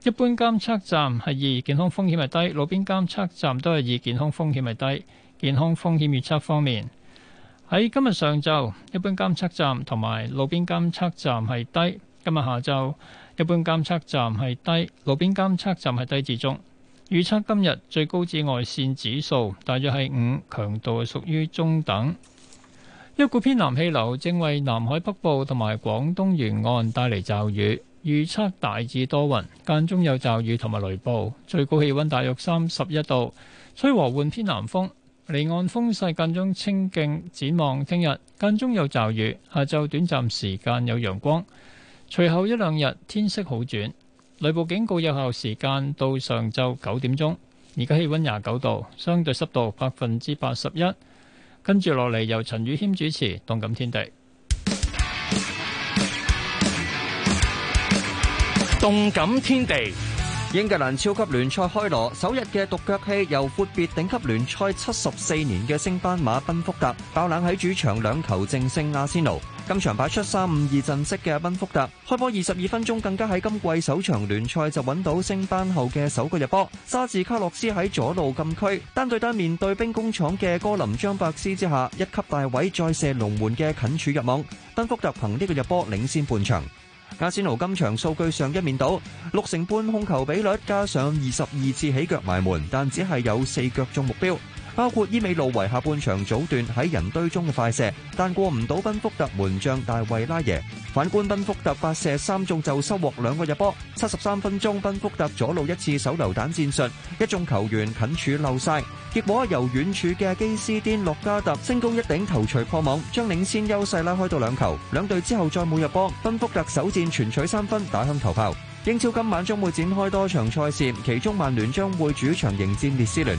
一般監測站係二健康風險係低，路邊監測站都係二健康風險係低。健康風險預測方面，喺今日上晝，一般監測站同埋路邊監測站係低。今日下晝，一般監測站係低，路邊監測站係低至中。預測今日最高紫外線指數大約係五，強度屬於中等。一股偏南氣流正為南海北部同埋廣東沿岸帶嚟驟雨，預測大致多雲，間中有驟雨同埋雷暴。最高氣溫大約三十一度，吹和緩偏南風，離岸風勢間中清勁。展望聽日，間中有驟雨，下晝短暫時間有陽光。隨後一兩日天色好轉，雷暴警告有效時間到上晝九點鐘。而家氣溫廿九度，相對濕度百分之八十一。跟住落嚟由陳宇謙主持《動感天地》，《動感天地》。英格蘭超級聯賽開鑼首日嘅獨腳戲，由闊別頂級聯賽七十四年嘅升班馬賓福特爆冷喺主場兩球正勝阿仙奴。今場擺出三五二陣式嘅賓福特，開波二十二分鐘更加喺今季首場聯賽就揾到升班後嘅首個入波。沙治卡洛斯喺左路禁區單對單面對兵工廠嘅哥林張伯斯之下，一級大位再射龍門嘅近處入網，賓福特憑呢個入波領先半場。阿仙奴今場數據上一面倒，六成半控球比率加上二十二次起腳埋門，但只係有四腳中目標。包括伊美路，為下半場早段喺人堆中嘅快射，但過唔到賓福特門將大衛拉耶。反觀賓福特，八射三中就收穫兩個入波。七十三分鐘，賓福特左路一次手榴彈戰術，一眾球員近處漏晒，結果由遠處嘅基斯甸洛加特升高一頂頭錘破網，將領先優勢拉開到兩球。兩隊之後再冇入波，賓福特首戰全取三分，打響頭炮。英超今晚將會展開多場賽事，其中曼聯將會主場迎戰列斯聯。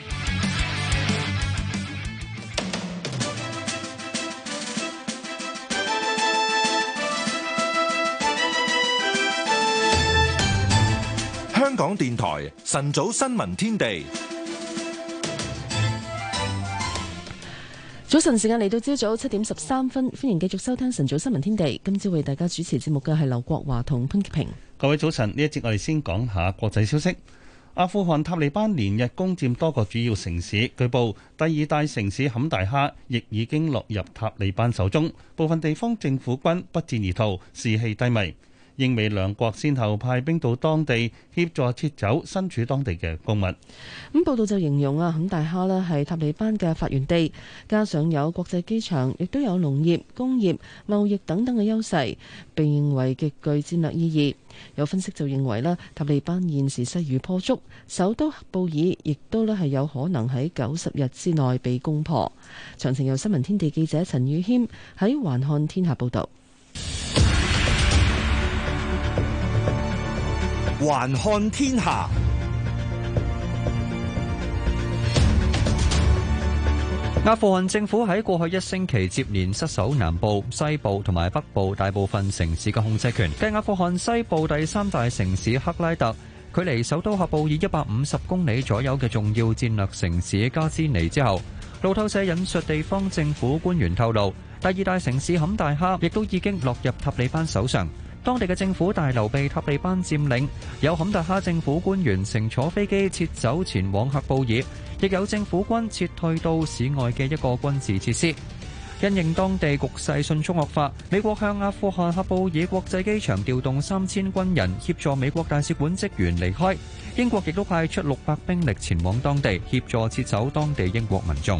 晨早新聞天地，早晨時間嚟到朝早七點十三分，歡迎繼續收聽晨早新聞天地。今朝為大家主持節目嘅係劉國華同潘潔平。各位早晨，呢一節我哋先講下國際消息。阿富汗塔利班連日攻佔多個主要城市，據報第二大城市坎大哈亦已經落入塔利班手中，部分地方政府軍不戰而逃，士氣低迷。英美兩國先後派兵到當地協助撤走身處當地嘅公民。咁報道就形容啊，坎大哈呢係塔利班嘅發源地，加上有國際機場，亦都有農業、工業、貿易等等嘅優勢，並認為極具戰略意義。有分析就認為呢，塔利班現時勢如破竹，首都喀布爾亦都咧係有可能喺九十日之內被攻破。詳情由新聞天地記者陳宇謙喺環看天下報導。環看天下，阿富汗政府喺過去一星期接連失守南部、西部同埋北部大部分城市嘅控制權。繼阿富汗西部第三大城市赫拉特，距離首都喀布爾以一百五十公里左右嘅重要戰略城市加茲尼之後，路透社引述地方政府官員透露，第二大城市坎大哈亦都已經落入塔利班手上。當地嘅政府大樓被塔利班佔領，有坎大哈政府官員乘坐飛機撤走前往喀布爾，亦有政府軍撤退到市外嘅一個軍事設施。因應當地局勢迅速惡化，美國向阿富汗喀布爾國際機場調動三千軍人協助美國大使館職員離開，英國亦都派出六百兵力前往當地協助撤走當地英國民眾。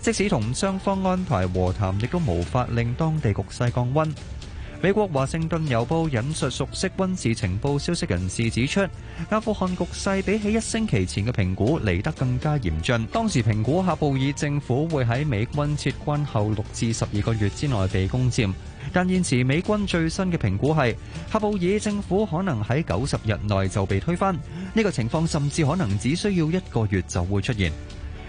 即使同雙方安排和談，亦都無法令當地局勢降溫。美國華盛頓郵報引述熟悉軍事情報消息人士指出，阿富汗局勢比起一星期前嘅評估嚟得更加嚴峻。當時評估喀布爾政府會喺美軍撤軍後六至十二個月之內被攻佔，但現時美軍最新嘅評估係喀布爾政府可能喺九十日內就被推翻。呢個情況甚至可能只需要一個月就會出現。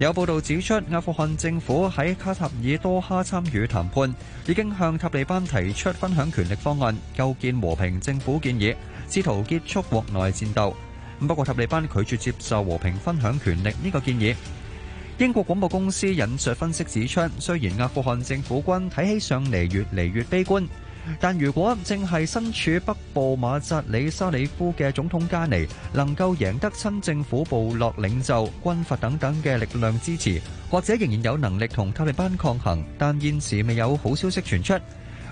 有報道指出，阿富汗政府喺卡塔爾多哈參與談判，已經向塔利班提出分享權力方案、構建和平政府建議，試圖結束國內戰鬥。不過，塔利班拒絕接受和平分享權力呢個建議。英國廣播公司引述分析指出，雖然阿富汗政府軍睇起上嚟越嚟越悲觀。但如果正係身處北部馬扎里沙里夫嘅總統加尼能夠贏得親政府部落領袖、軍閥等等嘅力量支持，或者仍然有能力同塔利班抗衡，但現時未有好消息傳出。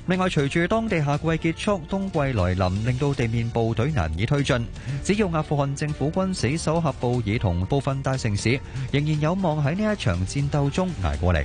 另外，隨住當地夏季結束、冬季來臨，令到地面部隊難以推進。只要阿富汗政府軍死守喀布爾同部分大城市，仍然有望喺呢一場戰鬥中捱過嚟。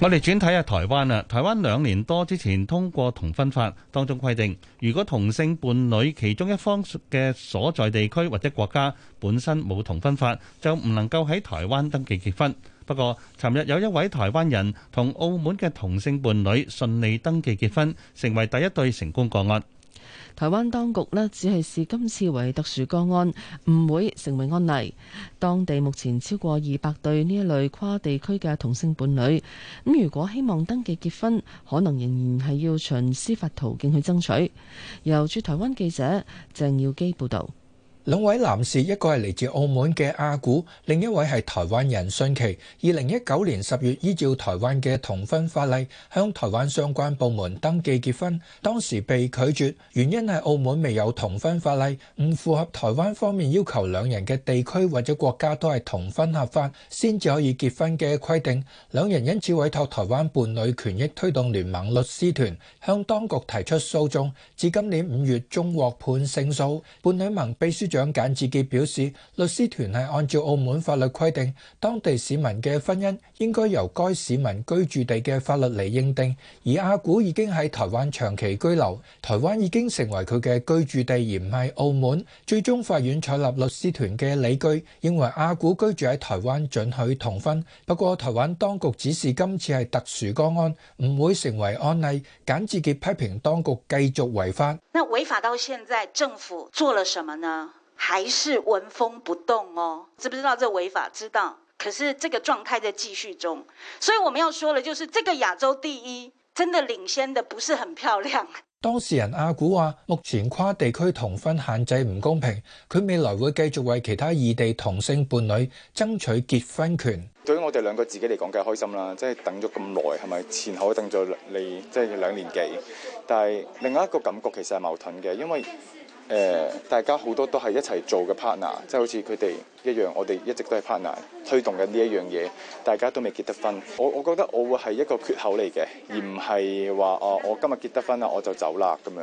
我哋轉睇下台灣啦。台灣兩年多之前通過同婚法，當中規定，如果同性伴侶其中一方嘅所在地區或者國家本身冇同婚法，就唔能夠喺台灣登記結婚。不過，尋日有一位台灣人同澳門嘅同性伴侶順利登記結婚，成為第一對成功個案。台灣當局呢只係視今次為特殊個案，唔會成為案例。當地目前超過二百對呢一類跨地區嘅同性伴侶，咁如果希望登記結婚，可能仍然係要循司法途徑去爭取。由駐台灣記者鄭耀基報導。兩位男士，一個係嚟自澳門嘅阿古，另一位係台灣人信奇。二零一九年十月，依照台灣嘅同婚法例，向台灣相關部門登記結婚，當時被拒絕，原因係澳門未有同婚法例，唔符合台灣方面要求兩人嘅地區或者國家都係同婚合法先至可以結婚嘅規定。兩人因此委託台灣伴侶權益推動聯盟律師團向當局提出訴訟，至今年五月中獲判勝訴。伴侶盟秘書長。蔣簡志杰表示，律師團係按照澳門法律規定，當地市民嘅婚姻應該由該市民居住地嘅法律嚟認定。而阿古已經喺台灣長期居留，台灣已經成為佢嘅居住地，而唔係澳門。最終法院採納律師團嘅理據，認為阿古居住喺台灣准許同婚。不過台灣當局指示今次係特殊個案，唔會成為案例。簡志杰批評當局繼續違法。那違法到現在，政府做了什麼呢？還是紋風不動哦，知不知道這違法？知道，可是這個狀態在繼續中，所以我們要說的，就是這個亞洲第一，真的領先的不是很漂亮。當事人阿古話：目前跨地區同婚限制唔公平，佢未來會繼續為其他異地同性伴侶爭取結婚權。對於我哋兩個自己嚟講，梗係開心啦，即係等咗咁耐，係咪前後等咗你，即係兩年幾？但係另外一個感覺其實係矛盾嘅，因為。誒、呃，大家好多都係一齊做嘅 partner，即係好似佢哋一樣，我哋一直都係 partner 推動緊呢一樣嘢。大家都未結得婚，我我覺得我會係一個缺口嚟嘅，而唔係話啊，我今日結得婚啦，我就走啦咁樣。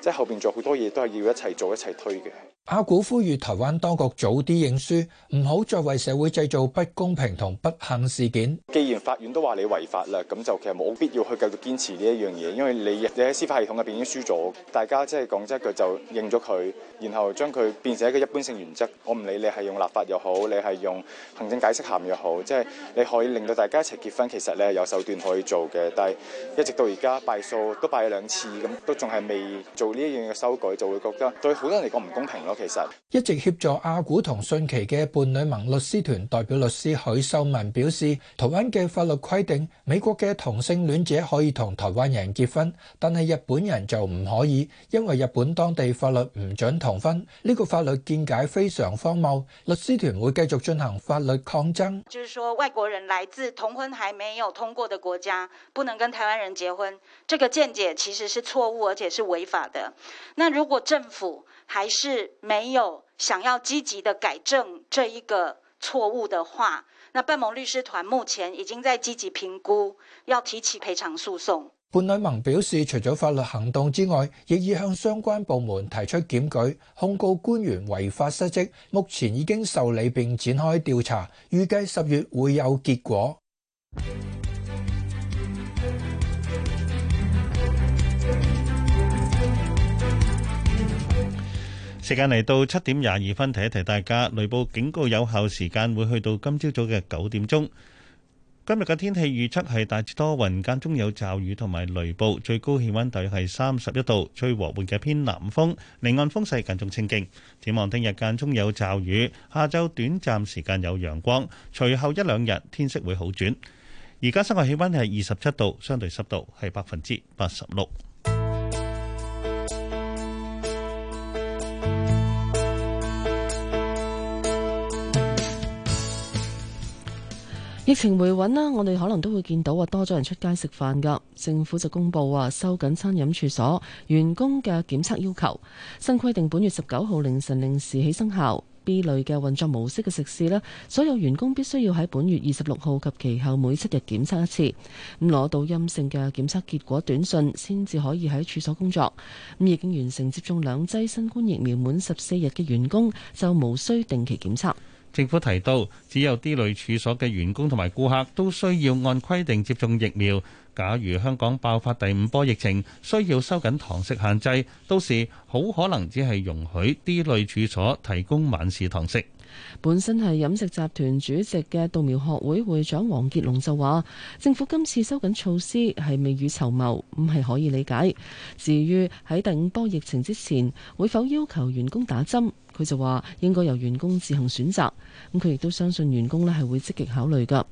即係後邊仲有好多嘢都係要一齊做、一齊推嘅。阿古呼籲台灣當局早啲認輸，唔好再為社會製造不公平同不幸事件。既然法院都話你違法啦，咁就其實冇必要去繼續堅持呢一樣嘢，因為你你喺司法系統入邊已經輸咗，大家即係講真一句就認咗佢，然後將佢變成一個一般性原則。我唔理你係用立法又好，你係用行政解釋函又好，即係你可以令到大家一齊結婚，其實你係有手段可以做嘅。但係一直到而家敗訴都敗咗兩次，咁都仲係未做呢一樣嘅修改，就會覺得對好多人嚟講唔公平咯。其實一直協助阿古同信奇嘅伴侶盟律師團代表律師許秀文表示，台灣嘅法律規定，美國嘅同性戀者可以同台灣人結婚，但係日本人就唔可以，因為日本當地法律唔準同婚。呢個法律見解非常荒謬，律師團會繼續進行法律抗爭。就是說，外國人來自同婚還沒有通過的國家，不能跟台灣人結婚，這個見解其實是錯誤，而且是違法的。那如果政府還是沒有想要積極的改正這一個錯誤的話，那伴侶盟律師團目前已經在積極評估，要提起賠償訴訟。伴侶盟表示，除咗法律行動之外，亦已向相關部門提出檢舉，控告官員違法失職，目前已經受理並展開調查，預計十月會有結果。時間嚟到七點廿二分，提一提大家，雷暴警告有效時間會去到今朝早嘅九點鐘。今日嘅天氣預測係大致多雲，間中有驟雨同埋雷暴，最高氣温大約係三十一度，吹和緩嘅偏南風，離岸風勢間中清勁。展望聽日間中有驟雨，下晝短暫時間有陽光，隨後一兩日天色會好轉。而家室外氣温係二十七度，相對濕度係百分之八十六。疫情回穩啦，我哋可能都會見到話多咗人出街食飯㗎。政府就公布話收緊餐飲處所員工嘅檢測要求，新規定本月十九號凌晨零時起生效。B 類嘅運作模式嘅食肆呢，所有員工必須要喺本月二十六號及其後每七日檢測一次，咁攞到陰性嘅檢測結果短訊先至可以喺處所工作。咁已經完成接種兩劑新冠疫苗滿十四日嘅員工就無需定期檢測。政府提到，只有 D 類處所嘅員工同埋顧客都需要按規定接種疫苗。假如香港爆發第五波疫情，需要收緊堂食限制，到時好可能只係容許 D 類處所提供晚市堂食。本身係飲食集團主席嘅稻苗學會會長黃傑龍就話，政府今次收緊措施係未雨綢繆，唔係可以理解。至於喺第五波疫情之前會否要求員工打針，佢就話應該由員工自行選擇。咁佢亦都相信員工咧係會積極考慮噶。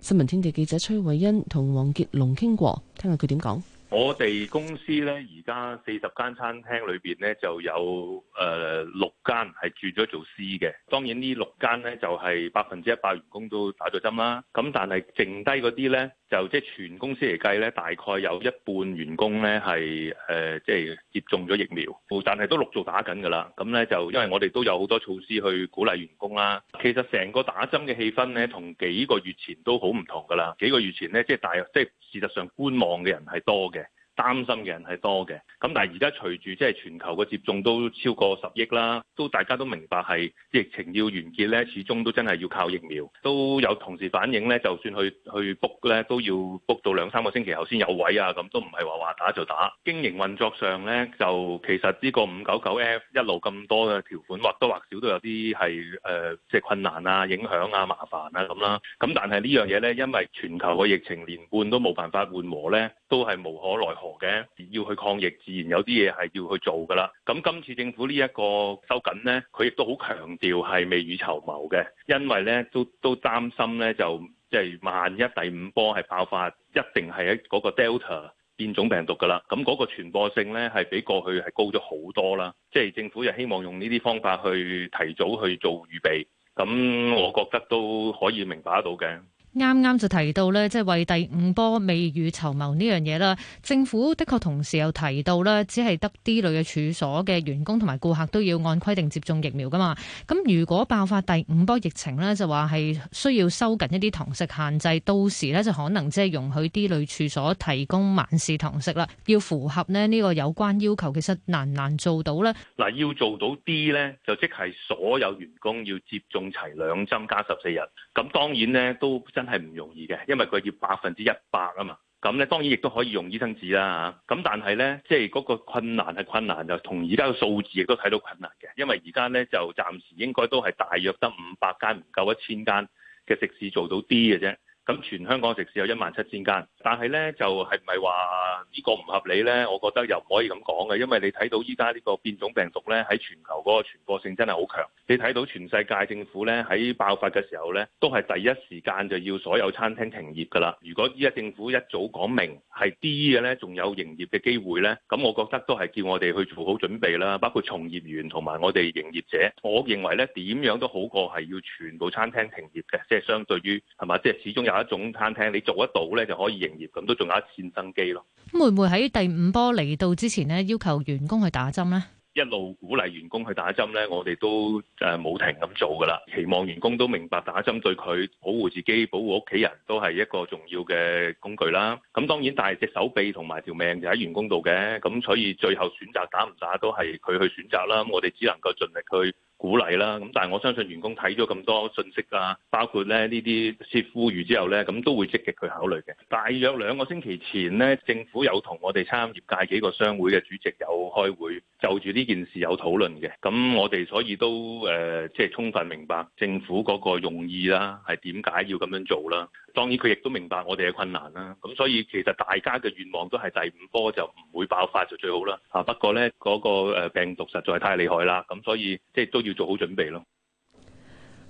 新聞天地記者崔慧欣同黃傑龍傾過，聽下佢點講。我哋公司呢，而家四十間餐廳裏邊呢，就有誒六間係住咗做 C 嘅。當然呢六間呢就係百分之一百員工都打咗針啦。咁但係剩低嗰啲呢，就即係全公司嚟計呢，大概有一半員工呢係誒即係接種咗疫苗，但係都陸續打緊㗎啦。咁呢，就因為我哋都有好多措施去鼓勵員工啦。其實成個打針嘅氣氛呢，同幾個月前都好唔同㗎啦。幾個月前呢，即係大即係事實上觀望嘅人係多嘅。擔心嘅人係多嘅，咁但係而家隨住即係全球嘅接種都超過十億啦，都大家都明白係疫情要完結咧，始終都真係要靠疫苗。都有同事反映咧，就算去去 book 咧，都要 book 到兩三個星期後先有位啊，咁都唔係話話打就打。經營運作上咧，就其實呢個五九九 F 一路咁多嘅條款，或多或少都有啲係誒，即係困難啊、影響啊、麻煩啊咁啦。咁但係呢樣嘢咧，因為全球嘅疫情連貫都冇辦法緩和咧。都係無可奈何嘅，要去抗疫，自然有啲嘢係要去做㗎啦。咁今次政府呢一個收緊呢，佢亦都好強調係未雨綢繆嘅，因為呢都都擔心呢，就即係、就是、萬一第五波係爆發，一定係喺嗰個 Delta 變種病毒㗎啦。咁嗰個傳播性呢，係比過去係高咗好多啦。即係政府就希望用呢啲方法去提早去做預備，咁我覺得都可以明白得到嘅。啱啱就提到咧，即係為第五波未雨綢繆呢樣嘢啦。政府的確同時又提到咧，只係得啲類嘅處所嘅員工同埋顧客都要按規定接種疫苗噶嘛。咁如果爆發第五波疫情呢，就話係需要收緊一啲堂食限制，到時呢就可能即係容許啲類處所提供晚市堂食啦。要符合呢呢個有關要求，其實難唔難做到咧？嗱，要做到啲呢，就即係所有員工要接種齊兩針加十四日。咁當然呢都。真係唔容易嘅，因為佢要百分之一百啊嘛，咁咧當然亦都可以用醫生紙啦吓，咁但係咧即係嗰個困難係困難，就同而家嘅數字亦都睇到困難嘅，因為而家咧就暫時應該都係大約得五百間唔夠一千間嘅食肆做到啲嘅啫。咁全香港食肆有一萬七千間，但係呢就係唔係話呢個唔合理呢？我覺得又唔可以咁講嘅，因為你睇到依家呢個變種病毒呢，喺全球嗰個傳播性真係好強。你睇到全世界政府呢，喺爆發嘅時候呢，都係第一時間就要所有餐廳停業㗎啦。如果依家政府一早講明係啲嘅呢，仲有營業嘅機會呢，咁我覺得都係叫我哋去做好準備啦，包括從業員同埋我哋營業者。我認為呢點樣都好過係要全部餐廳停業嘅，即係相對於係咪？即係始終。有一種餐廳，你做得到呢就可以營業，咁都仲有一線生機咯。咁會唔會喺第五波嚟到之前咧，要求員工去打針呢？一路鼓勵員工去打針呢，我哋都誒冇停咁做噶啦。期望員工都明白打針對佢保護自己、保護屋企人都係一個重要嘅工具啦。咁當然，但係隻手臂同埋條命就喺員工度嘅，咁所以最後選擇打唔打都係佢去選擇啦。我哋只能夠盡力去。鼓勵啦，咁但係我相信員工睇咗咁多信息啊，包括咧呢啲切呼籲之後呢，咁都會積極去考慮嘅。大約兩個星期前呢，政府有同我哋參業界幾個商會嘅主席有開會，就住呢件事有討論嘅。咁我哋所以都誒，即係充分明白政府嗰個用意啦，係點解要咁樣做啦？當然佢亦都明白我哋嘅困難啦，咁所以其實大家嘅願望都係第五波就唔會爆發就最好啦。啊，不過呢個誒病毒實在係太厲害啦，咁所以即係都要做好準備咯。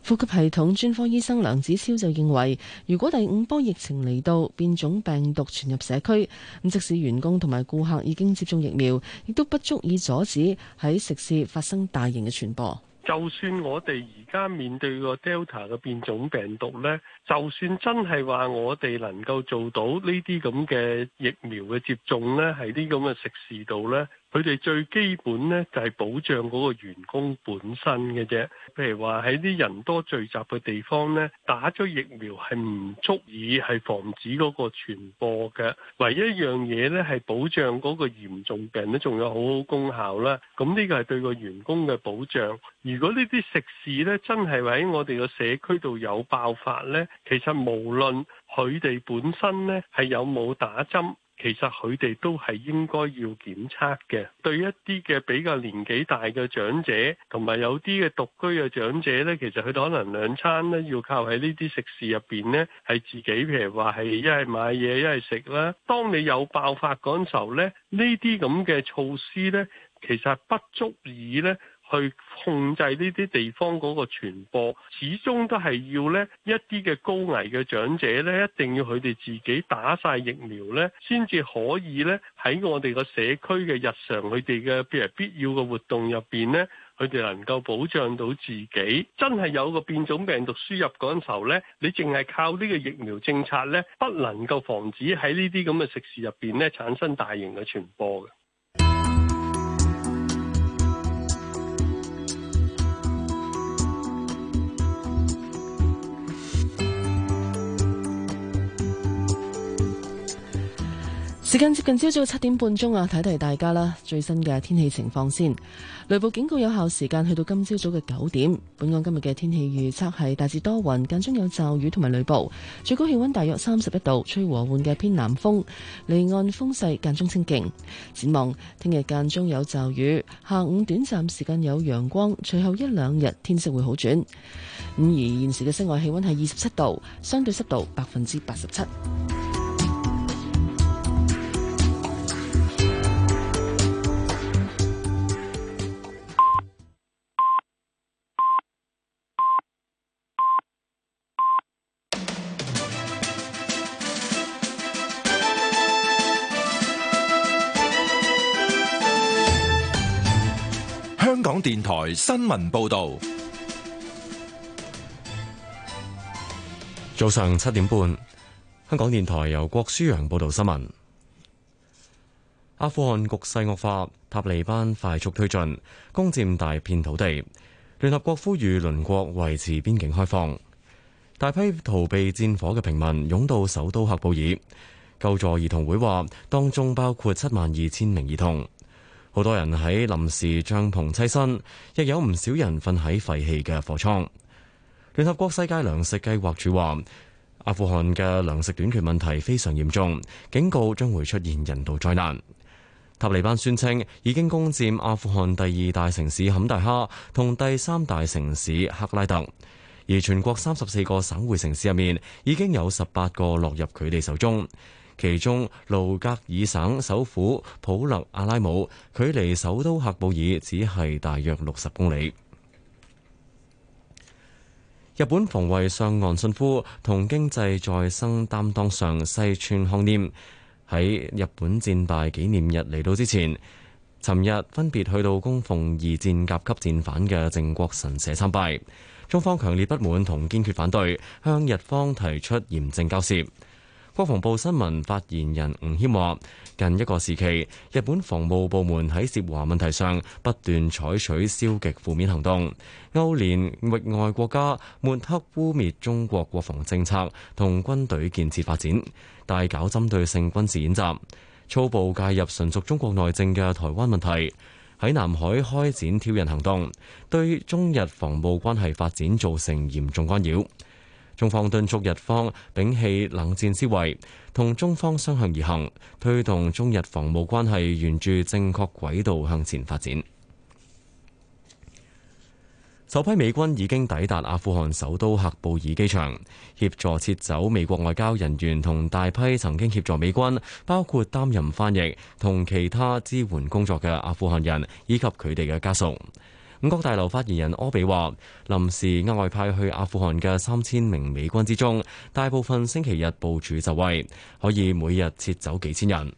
呼吸系統專科醫生梁子超就認為，如果第五波疫情嚟到，變種病毒傳入社區，咁即使員工同埋顧客已經接種疫苗，亦都不足以阻止喺食肆發生大型嘅傳播。就算我哋而家面對個 Delta 嘅變種病毒呢，就算真係話我哋能夠做到呢啲咁嘅疫苗嘅接種呢，喺啲咁嘅食肆度呢。佢哋最基本呢，就係保障嗰個員工本身嘅啫。譬如話喺啲人多聚集嘅地方呢，打咗疫苗係唔足以係防止嗰個傳播嘅。唯一一樣嘢呢，係保障嗰個嚴重病呢，仲有好好功效啦。咁呢個係對個員工嘅保障。如果呢啲食肆呢，真係喺我哋個社區度有爆發呢，其實無論佢哋本身呢，係有冇打針。其實佢哋都係應該要檢測嘅，對一啲嘅比較年紀大嘅長者，同埋有啲嘅獨居嘅長者呢，其實佢可能兩餐呢要靠喺呢啲食肆入邊呢，係自己譬如話係一係買嘢，一係食啦。當你有爆發嗰陣時候呢，呢啲咁嘅措施呢，其實不足以呢，去控制呢啲地方嗰個傳播，始終都係要咧一啲嘅高危嘅長者咧，一定要佢哋自己打晒疫苗咧，先至可以咧喺我哋個社區嘅日常佢哋嘅譬如必要嘅活動入邊咧，佢哋能夠保障到自己。真係有個變種病毒輸入嗰陣時候咧，你淨係靠呢個疫苗政策咧，不能夠防止喺呢啲咁嘅食肆入邊咧產生大型嘅傳播嘅。近接近朝早七點半鐘啊，睇睇大家啦。最新嘅天氣情況先，雷暴警告有效時間去到今朝早嘅九點。本港今日嘅天氣預測係大致多雲，間中有驟雨同埋雷暴，最高氣溫大約三十一度，吹和緩嘅偏南風，離岸風勢間中清勁。展望聽日間中有驟雨，下午短暫時間有陽光，隨後一兩日天色會好轉。咁而現時嘅室外氣溫係二十七度，相對濕度百分之八十七。電台新聞報道：早上七點半，香港電台由郭舒揚報道新聞。阿富汗局勢惡化，塔利班快速推進，攻占大片土地。聯合國呼籲鄰國維持邊境開放。大批逃避戰火嘅平民湧到首都喀布爾，救助兒童會話當中包括七萬二千名兒童。好多人喺臨時帳篷棲身，亦有唔少人瞓喺廢棄嘅貨倉。聯合國世界糧食計劃署話，阿富汗嘅糧食短缺問題非常嚴重，警告將會出現人道災難。塔利班宣稱已經攻佔阿富汗第二大城市坎大哈同第三大城市克拉特，而全國三十四個省會城市入面已經有十八個落入佢哋手中。其中，盧格爾省首府普勒阿拉姆，距離首都喀布爾只係大約六十公里。日本防衛上岸信夫同經濟再生擔當上西村康稔喺日本戰敗紀念日嚟到之前，尋日分別去到供奉二戰甲級戰犯嘅靖國神社參拜。中方強烈不滿同堅決反對，向日方提出嚴正交涉。國防部新聞發言人吳謙話：近一個時期，日本防務部門喺涉華問題上不斷採取消極負面行動，勾連域外國家，抹黑污蔑中國國防政策同軍隊建設發展，大搞針對性軍事演習，粗暴介入純屬中國內政嘅台灣問題，喺南海開展挑釁行動，對中日防務關係發展造成嚴重干擾。中方敦促日方摒棄冷戰思維，同中方相向而行，推動中日防務關係沿住正確軌道向前發展。首批美軍已經抵達阿富汗首都喀布爾機場，協助撤走美國外交人員同大批曾經協助美軍，包括擔任翻譯同其他支援工作嘅阿富汗人以及佢哋嘅家屬。五角大樓發言人柯比話，臨時額外派去阿富汗嘅三千名美軍之中，大部分星期日部署就位，可以每日撤走幾千人。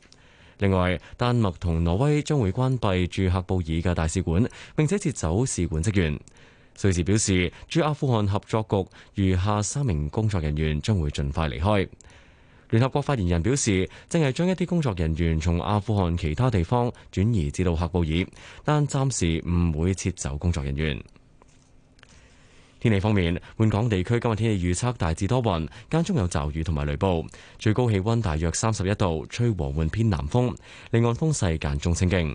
另外，丹麥同挪威將會關閉駐喀布爾嘅大使館，並且撤走使館職員。瑞士表示，駐阿富汗合作局餘下三名工作人員將會盡快離開。聯合國發言人表示，正係將一啲工作人員從阿富汗其他地方轉移至到喀布爾，但暫時唔會撤走工作人員。天氣方面，本港地區今日天，天氣預測大致多雲，間中有驟雨同埋雷暴，最高氣温大約三十一度，吹和緩偏南風，離岸風勢間中清勁。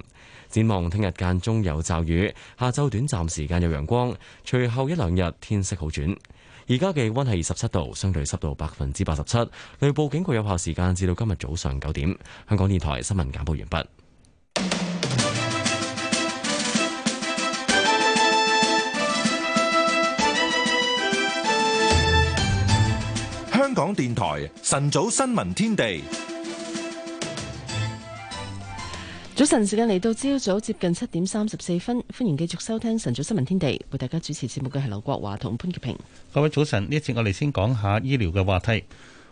展望聽日間中有驟雨，下晝短暫時間有陽光，隨後一兩日天色好轉。而家嘅氣溫係二十七度，相對濕度百分之八十七。雷暴警告有效時間至到今日早上九點。香港電台新聞簡報完畢。香港電台晨早新聞天地。早晨時間嚟，到朝早接近七點三十四分，歡迎繼續收聽晨早新聞天地，為大家主持節目嘅係劉國華同潘潔平。各位早晨，呢一次我哋先講下醫療嘅話題。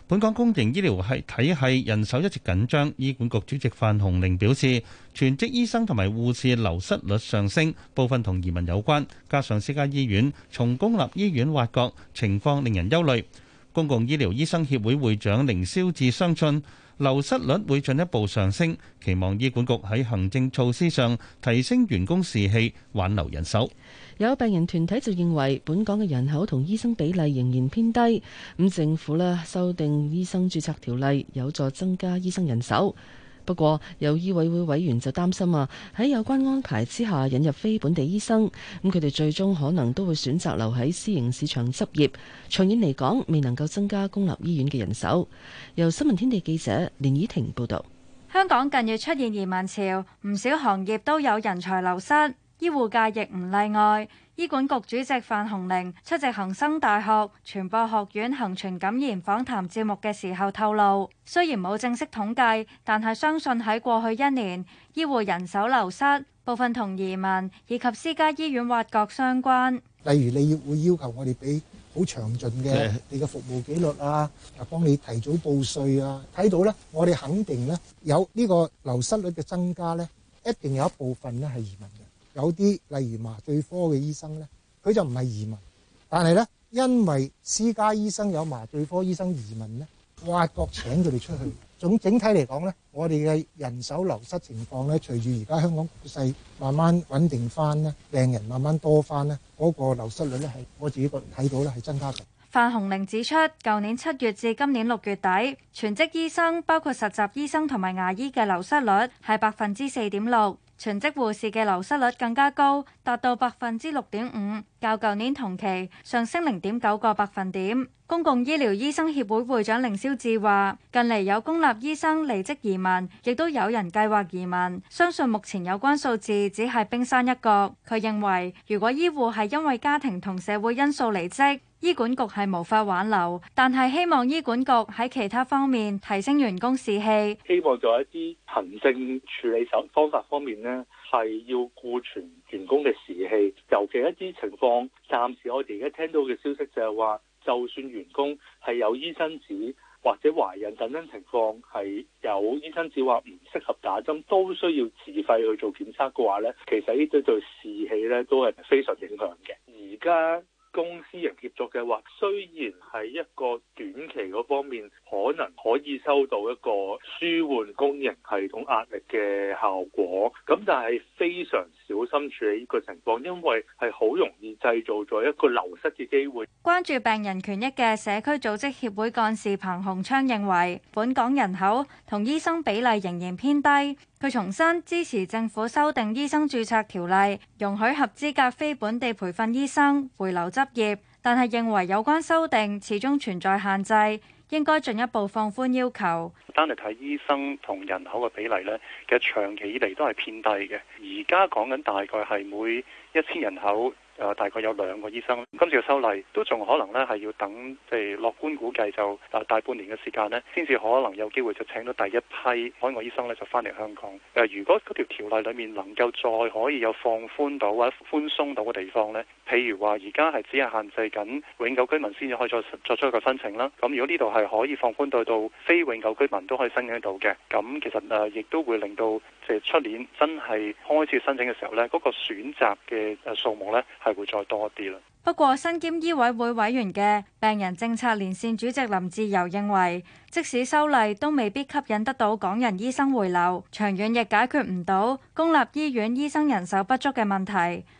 本港公營醫療系體系人手一直緊張，醫管局主席范鴻齡表示，全職醫生同埋護士流失率上升，部分同移民有關，加上私家醫院從公立醫院挖角，情況令人憂慮。公共醫療醫生協會會長凌霄志相信，流失率會進一步上升，期望醫管局喺行政措施上提升員工士氣，挽留人手。有病人團體就認為，本港嘅人口同醫生比例仍然偏低，咁政府呢，修訂醫生註冊條例，有助增加醫生人手。不過，有醫委會委員就擔心啊，喺有關安排之下引入非本地醫生，咁佢哋最終可能都會選擇留喺私營市場執業，長遠嚟講未能夠增加公立醫院嘅人手。由新聞天地記者連以婷報道。香港近日出現移民潮，唔少行業都有人才流失。醫護界亦唔例外。醫管局主席范鴻齡出席恒生大學傳播學院行傳感染訪談節目嘅時候透露，雖然冇正式統計，但係相信喺過去一年醫護人手流失部分同移民以及私家醫院挖角相關。例如，你要會要求我哋俾好詳盡嘅你嘅服務紀律啊，啊，幫你提早報稅啊，睇到咧，我哋肯定咧有呢個流失率嘅增加咧，一定有一部分咧係移民嘅。有啲例如麻醉科嘅醫生呢，佢就唔係移民，但係呢，因為私家醫生有麻醉科醫生移民呢，挖角請佢哋出去。總整體嚟講呢，我哋嘅人手流失情況呢，隨住而家香港局勢慢慢穩定翻呢，病人慢慢多翻呢，嗰個流失率呢，係我自己個人睇到呢，係增加嘅。范洪玲指出，舊年七月至今年六月底，全職醫生包括實習醫生同埋牙醫嘅流失率係百分之四點六。全職護士嘅流失率更加高，達到百分之六點五，較舊年同期上升零點九個百分點。公共醫療醫生協會會長凌霄志話：近嚟有公立醫生離職移民，亦都有人計劃移民，相信目前有關數字只係冰山一角。佢認為，如果醫護係因為家庭同社會因素離職，醫管局係無法挽留，但係希望醫管局喺其他方面提升員工士氣。希望做一啲行政處理手方法方面咧，係要顧全員工嘅士氣。尤其一啲情況，暫時我哋而家聽到嘅消息就係話，就算員工係有醫生紙或者懷孕等等情況係有醫生紙話唔適合打針，都需要自費去做檢測嘅話咧，其實呢啲對士氣咧都係非常影響嘅。而家。公私營協作嘅話，雖然係一個短期嗰方面，可能可以收到一個舒緩公營系統壓力嘅效果，咁但係非常小心處理呢個情況，因為，係好容易製造咗一個流失嘅機會。關注病人權益嘅社區組織協會幹事彭洪昌認為本港人口同醫生比例仍然偏低。佢重申支持政府修訂醫生注冊條例，容許合資格非本地培訓醫生回流執業，但係認為有關修訂始終存在限制，應該進一步放寬要求。單嚟睇醫生同人口嘅比例咧，其實長期以嚟都係偏低嘅，而家講緊大概係每一千人口。誒，大概有兩個醫生。今次嘅修例都仲可能咧，係要等，即係樂觀估計就誒大，大半年嘅時間咧，先至可能有機會就請到第一批海外醫生咧，就翻嚟香港。誒、呃，如果嗰條條例裡面能夠再可以有放寬到或者寬鬆到嘅地方呢？譬如話而家係只係限制緊永久居民先至可以再作出一個申請啦。咁如果呢度係可以放寬到到非永久居民都可以申請到嘅，咁其實誒亦都會令到即係出年真係開始申請嘅時候呢，嗰個選擇嘅誒數目呢。係會再多一啲啦。不過，身兼醫委會委員嘅病人政策連線主席林志釉認為，即使修例都未必吸引得到港人醫生回流，長遠亦解決唔到公立醫院醫生人手不足嘅問題。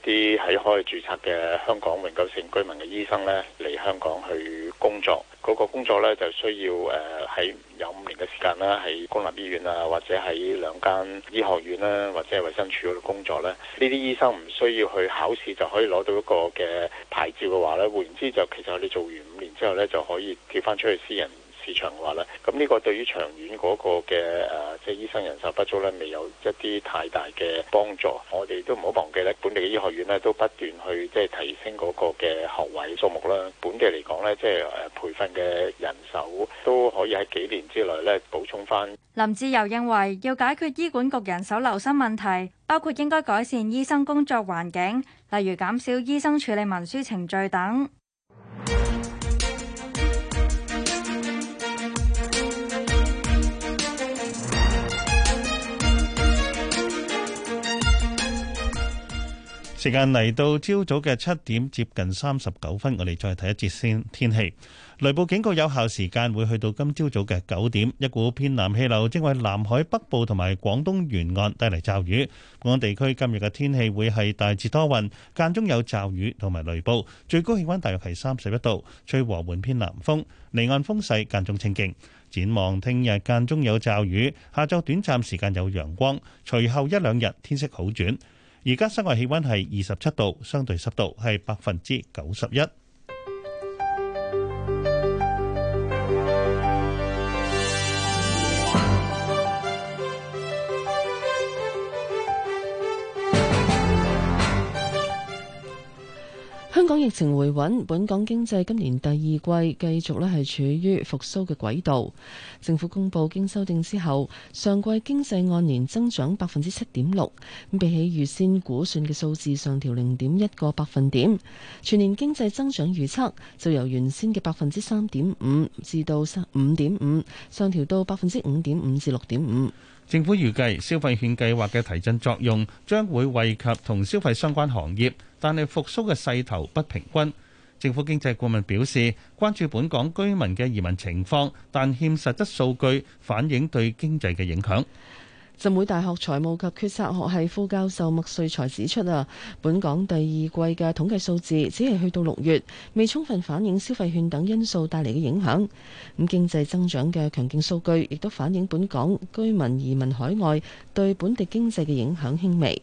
啲喺可以註冊嘅香港永久性居民嘅醫生呢，嚟香港去工作。嗰個工作咧就需要誒喺、呃、有五年嘅時間啦，喺公立醫院啊，或者喺兩間醫學院啦，或者係衛生署嗰度工作咧。呢啲醫生唔需要去考試就可以攞到一個嘅牌照嘅話咧，換言之就其實你做完五年之後咧就可以跳翻出去私人市場嘅話咧，咁呢個對於長遠嗰個嘅誒，即係醫生人手不足咧，未有一啲太大嘅幫助。我哋都唔好忘記咧，本地醫學院咧都不斷去即係提升嗰個嘅學位數目啦。本地嚟講咧，即係培訓嘅人手都可以喺幾年之內咧補充翻。林志由認為，要解決醫管局人手流失問題，包括應該改善醫生工作環境，例如減少醫生處理文書程序等。時間嚟到朝早嘅七點，接近三十九分，我哋再睇一節先，天氣。雷暴警告有效時間會去到今朝早嘅九點。一股偏南氣流正為南海北部同埋廣東沿岸帶嚟驟雨。本港地區今日嘅天氣會係大致多雲，間中有驟雨同埋雷暴，最高氣溫大約係三十一度，吹和緩偏南風，離岸風勢間中清勁。展望聽日間中有驟雨，下晝短暫時間有陽光，隨後一兩日天色好轉。而家室外氣溫係二十七度，相對濕度係百分之九十一。香港疫情回穩，本港經濟今年第二季繼續咧係處於復蘇嘅軌道。政府公布經修訂之後，上季經濟按年增長百分之七點六，比起預先估算嘅數字上調零點一個百分點。全年經濟增長預測就由原先嘅百分之三點五至到五點五，上調到百分之五點五至六點五。政府預計消費券計劃嘅提振作用將會惠及同消費相關行業，但係復甦嘅勢頭不平均。政府經濟顧問表示，關注本港居民嘅移民情況，但欠實質數據反映對經濟嘅影響。浸會大學財務及決策學系副教授麥瑞才指出啊，本港第二季嘅統計數字只係去到六月，未充分反映消費券等因素帶嚟嘅影響。咁經濟增長嘅強勁數據，亦都反映本港居民移民海外對本地經濟嘅影響輕微。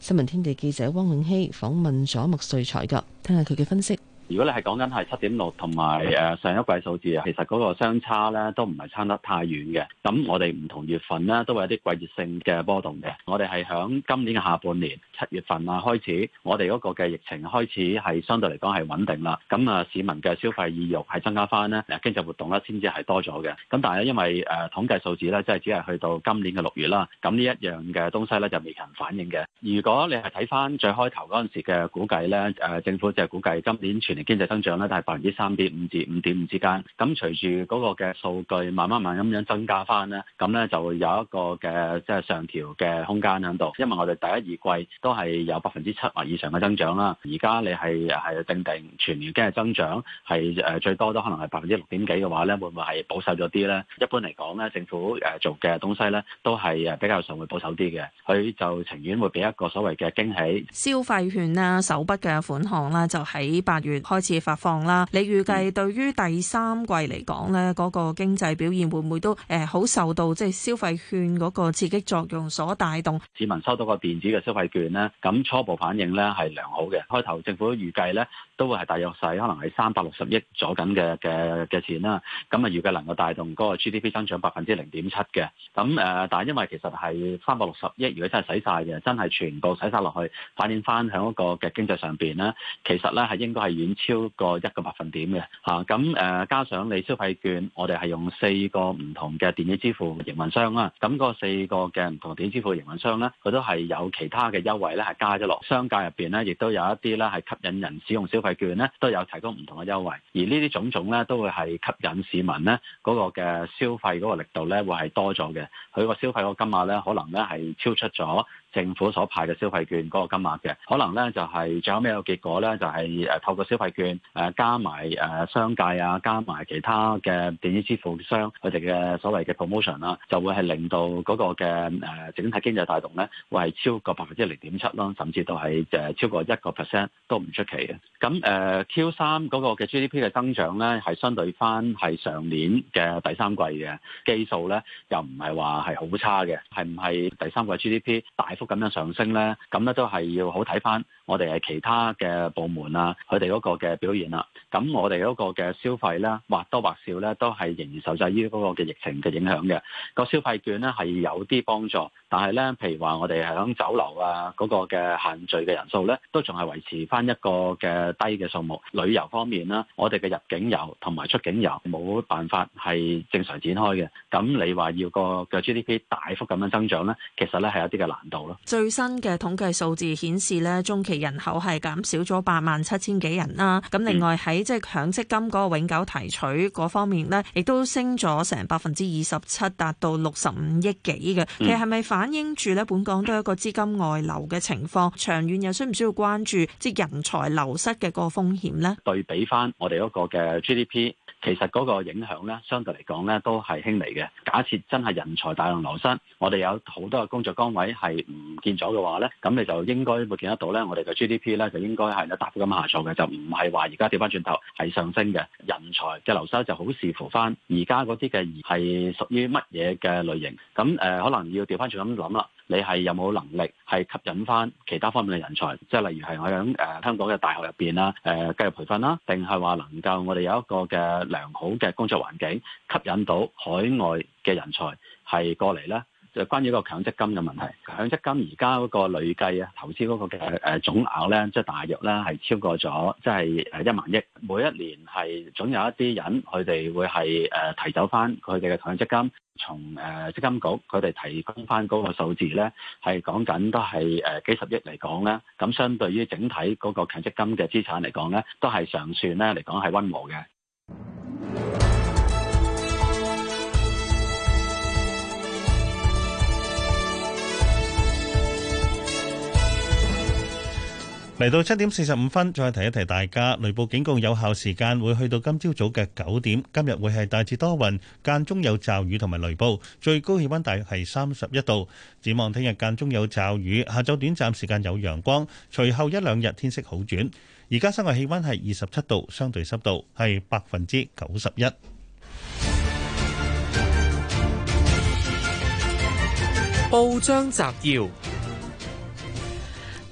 新聞天地記者汪永熙訪問咗麥瑞才噶，聽下佢嘅分析。如果你係講緊係七點六同埋誒上一季數字啊，其實嗰個相差咧都唔係差得太遠嘅。咁我哋唔同月份咧都會有啲季節性嘅波動嘅。我哋係響今年嘅下半年七月份啊開始，我哋嗰個嘅疫情開始係相對嚟講係穩定啦。咁啊市民嘅消費意欲係增加翻咧，經濟活動啦，先至係多咗嘅。咁但係咧因為誒統計數字咧，即係只係去到今年嘅六月啦。咁呢一樣嘅東西咧就未曾反映嘅。如果你係睇翻最開頭嗰陣時嘅估計咧，誒政府就係估計今年經濟增長咧都係百分之三點五至五點五之間。咁隨住嗰個嘅數據慢慢慢咁樣增加翻咧，咁咧就會有一個嘅即係上調嘅空間響度。因為我哋第一二季都係有百分之七或以上嘅增長啦，而家你係係定定全年經濟增長係誒最多都可能係百分之六點幾嘅話咧，會唔會係保守咗啲咧？一般嚟講咧，政府誒做嘅東西咧都係誒比較上會保守啲嘅，佢就情願會俾一個所謂嘅驚喜消費券啦、啊，首筆嘅款項咧就喺八月。開始發放啦！你預計對於第三季嚟講咧，嗰個經濟表現會唔會都誒好受到即係消費券嗰個刺激作用所帶動？市民收到個電子嘅消費券咧，咁初步反應咧係良好嘅。開頭政府都預計咧。都會係大約使，可能係三百六十億左緊嘅嘅嘅錢啦。咁啊，預計能夠帶動嗰個 GDP 增長百分之零點七嘅。咁誒、呃，但係因為其實係三百六十億，如果真係使晒嘅，真係全部使晒落去，反映翻響一個嘅經濟上邊咧，其實咧係應該係遠超過一個百分點嘅嚇。咁誒、啊呃，加上你消費券，我哋係用四個唔同嘅電子支付營運商啦。咁、那、嗰、個、四個嘅唔同電子支付營運商咧，佢都係有其他嘅優惠咧，係加咗落商界入邊咧，亦都有一啲咧係吸引人使用消。費券咧都有提供唔同嘅優惠，而呢啲種種咧都會係吸引市民咧嗰個嘅消費嗰個力度咧會係多咗嘅，佢個消費個金額咧可能咧係超出咗政府所派嘅消費券嗰個金額嘅，可能咧就係最後尾個結果咧就係誒透過消費券誒加埋誒商界啊加埋其他嘅電子支付商佢哋嘅所謂嘅 promotion 啦，就會係令到嗰個嘅誒整體經濟帶動咧會係超過百分之零點七啦，甚至到係誒超過一個 percent 都唔出奇嘅，咁。咁誒，嗯，Q 三嗰個嘅 GDP 嘅增長咧，係相對翻係上年嘅第三季嘅基數咧，又唔係話係好差嘅，係唔係第三季 GDP 大幅咁樣上升咧？咁咧都係要好睇翻。我哋係其他嘅部門啊，佢哋嗰個嘅表現啦、啊，咁我哋嗰個嘅消費咧，或多或少咧都係仍然受制於嗰個嘅疫情嘅影響嘅。個消費券咧係有啲幫助，但係咧，譬如話我哋係響酒樓啊嗰、個嘅限聚嘅人數咧，都仲係維持翻一個嘅低嘅數目。旅遊方面啦，我哋嘅入境遊同埋出境遊冇辦法係正常展開嘅。咁你話要個嘅 GDP 大幅咁樣增長咧，其實咧係有啲嘅難度咯。最新嘅統計數字顯示咧，中期。人口係減少咗八萬七千幾人啦，咁另外喺即係強積金嗰個永久提取嗰方面咧，亦都升咗成百分之二十七，達到六十五億幾嘅。其實係咪反映住咧，本港都有一個資金外流嘅情況，長遠又需唔需要關注即係人才流失嘅個風險咧？對比翻我哋嗰個嘅 GDP。其實嗰個影響咧，相對嚟講咧，都係輕微嘅。假設真係人才大量流失，我哋有好多嘅工作崗位係唔見咗嘅話咧，咁你就應該會見得到咧，我哋嘅 GDP 咧就應該係有大幅咁下挫嘅，就唔係話而家調翻轉頭係上升嘅。人才嘅流失就好視乎翻而家嗰啲嘅係屬於乜嘢嘅類型。咁誒、呃，可能要調翻轉咁諗啦，你係有冇能力係吸引翻其他方面嘅人才？即、就、係、是、例如係我喺誒、呃、香港嘅大學入邊啦，誒、呃、繼續培訓啦，定係話能夠我哋有一個嘅。良好嘅工作環境吸引到海外嘅人才係過嚟咧。就關於一個強積金嘅問題，強積金而家嗰個累計啊，投資嗰個嘅誒總額咧，即係大約咧係超過咗，即係誒一萬億。每一年係總有一啲人佢哋會係誒提走返佢哋嘅強積金，從誒積金局佢哋提供返嗰個數字咧，係講緊都係誒幾十億嚟講咧。咁相對於整體嗰個強積金嘅資產嚟講咧，都係尚算咧嚟講係溫和嘅。嚟到七點四十五分，再提一提大家，雷暴警告有效時間會去到今朝早嘅九點。今日會係大致多雲，間中有驟雨同埋雷暴，最高氣溫大約係三十一度。展望聽日間中有驟雨，下晝短暫時間有陽光，隨後一兩日天色好轉。而家室外氣温係二十七度，相對濕度係百分之九十一。報章摘要：《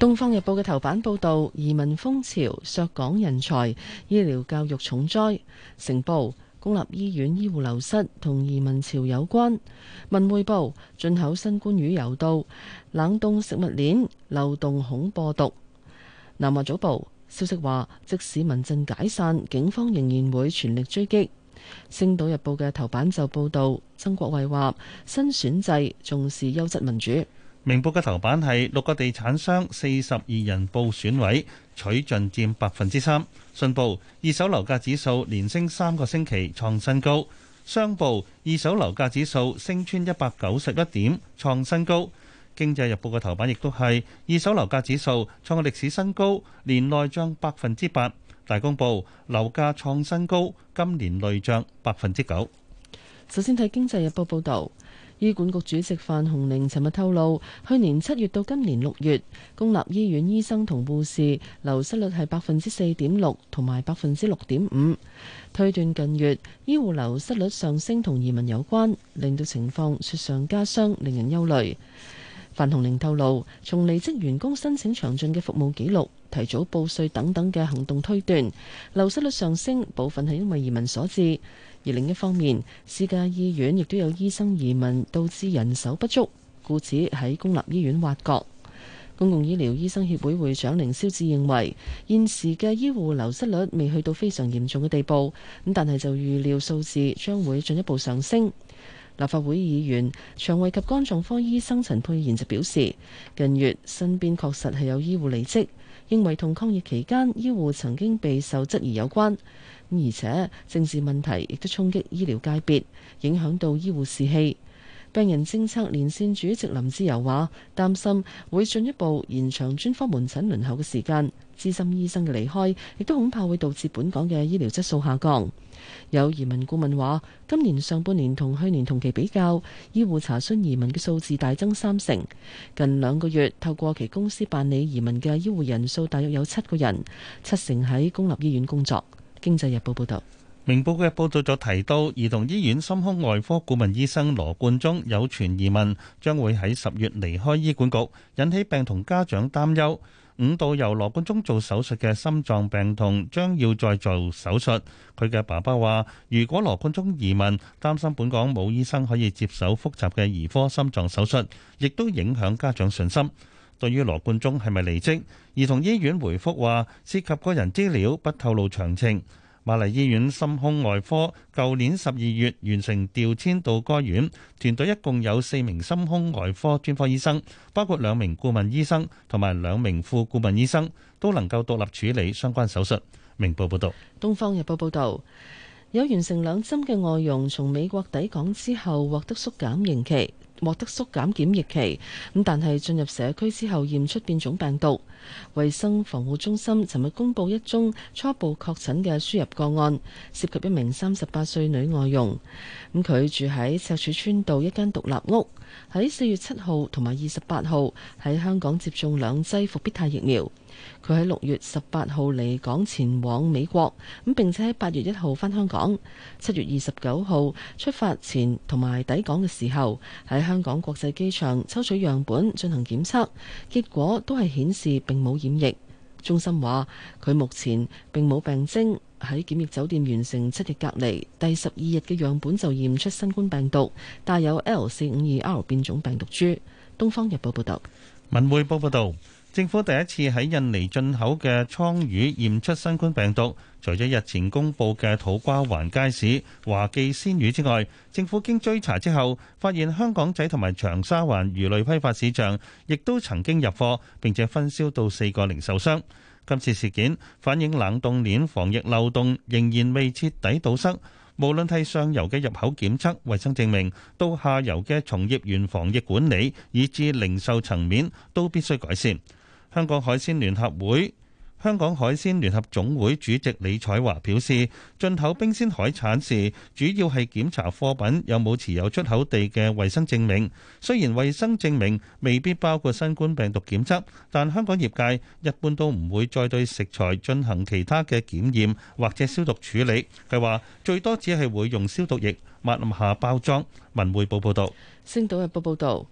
東方日報》嘅頭版報道，移民風潮，削港人才；醫療教育重災，成報公立醫院醫護流失同移民潮有關。文匯報進口新冠魚油道冷凍食物鏈漏洞恐播毒。南華早報。消息話，即使民陣解散，警方仍然會全力追擊。星島日報嘅頭版就報導，曾國衛話新選制重視優質民主。明報嘅頭版係六個地產商四十二人報選委，取進佔百分之三。信報二手樓價指數連升三個星期，創新高。商報二手樓價指數升穿一百九十一點，創新高。《經濟日報》嘅頭版亦都係二手樓價指數創歷史新高，年內漲百分之八。大公報樓價創新高，今年累漲百分之九。首先睇《經濟日報》報導，醫管局主席范鴻齡尋日透露，去年七月到今年六月，公立醫院醫生同護士流失率係百分之四點六同埋百分之六點五。推斷近月醫護流失率上升同移民有關，令到情況雪上加霜，令人憂慮。范鴻齡透露，從離職員工申請詳盡嘅服務記錄、提早報稅等等嘅行動推斷，流失率上升部分係因為移民所致。而另一方面，私家醫院亦都有醫生移民，導致人手不足，故此喺公立醫院挖角。公共醫療醫生協會會長凌霄志認為現時嘅醫護流失率未去到非常嚴重嘅地步，咁但係就預料數字將會進一步上升。立法會議員、腸胃及肝臟科醫生陳佩賢就表示，近月身邊確實係有醫護離職，認為同抗疫期間醫護曾經備受質疑有關。而且政治問題亦都衝擊醫療界別，影響到醫護士氣。病人政策連線主席林志油話，擔心會進一步延長專科門診輪候嘅時間。資深醫生嘅離開，亦都恐怕會導致本港嘅醫療質素下降。有移民顧問話：今年上半年同去年同期比較，醫護查詢移民嘅數字大增三成。近兩個月透過其公司辦理移民嘅醫護人數，大約有七個人，七成喺公立醫院工作。經濟日報報道，《明報》嘅報道就提到，兒童醫院心胸外科顧問醫生羅冠中有傳移民，將會喺十月離開醫管局，引起病童家長擔憂。五度由羅冠中做手術嘅心臟病童將要再做手術，佢嘅爸爸話：如果羅冠中移民，擔心本港冇醫生可以接手複雜嘅兒科心臟手術，亦都影響家長信心。對於羅冠中係咪離職，兒童醫院回復話：涉及個人資料，不透露詳情。瑪麗醫院心胸外科舊年十二月完成調遷到該院，團隊一共有四名心胸外科專科醫生，包括兩名顧問醫生同埋兩名副顧問醫生，都能夠獨立處理相關手術。明報報道，東方日報報道，有完成兩針嘅外傭從美國抵港之後，獲得縮減刑期。獲得縮減檢疫期，咁但係進入社區之後驗出變種病毒。衛生防護中心尋日公布一宗初步確診嘅輸入個案，涉及一名三十八歲女外傭。咁佢住喺赤柱村道一間獨立屋，喺四月七號同埋二十八號喺香港接種兩劑復必泰疫苗。佢喺六月十八號離港前往美國，咁並且喺八月一號返香港，七月二十九號出發前同埋抵港嘅時候喺。香港國際機場抽取樣本進行檢測，結果都係顯示並冇染疫。中心話佢目前並冇病徵，喺檢疫酒店完成七日隔離，第十二日嘅樣本就驗出新冠病毒，帶有 L 四五二 R 變種病毒株。《東方日報》報道。文匯報報導。政府第一次喺印尼進口嘅倉魚驗出新冠病毒，除咗日前公布嘅土瓜灣街市華記鮮魚之外，政府經追查之後發現香港仔同埋長沙灣魚類批發市場亦都曾經入貨，並且分銷到四個零售商。今次事件反映冷凍鏈防疫漏洞仍然未徹底堵塞，無論係上游嘅入口檢測衛生證明，到下游嘅從業員防疫管理，以至零售層面，都必須改善。香港海鮮聯合會、香港海鮮聯合總會主席李彩華表示，進口冰鮮海產時，主要係檢查貨品有冇持有出口地嘅衛生證明。雖然衛生證明未必包括新冠病毒檢測，但香港業界一般都唔會再對食材進行其他嘅檢驗或者消毒處理。佢話最多只係會用消毒液抹下包裝。文匯報報道。《星島日報》報導。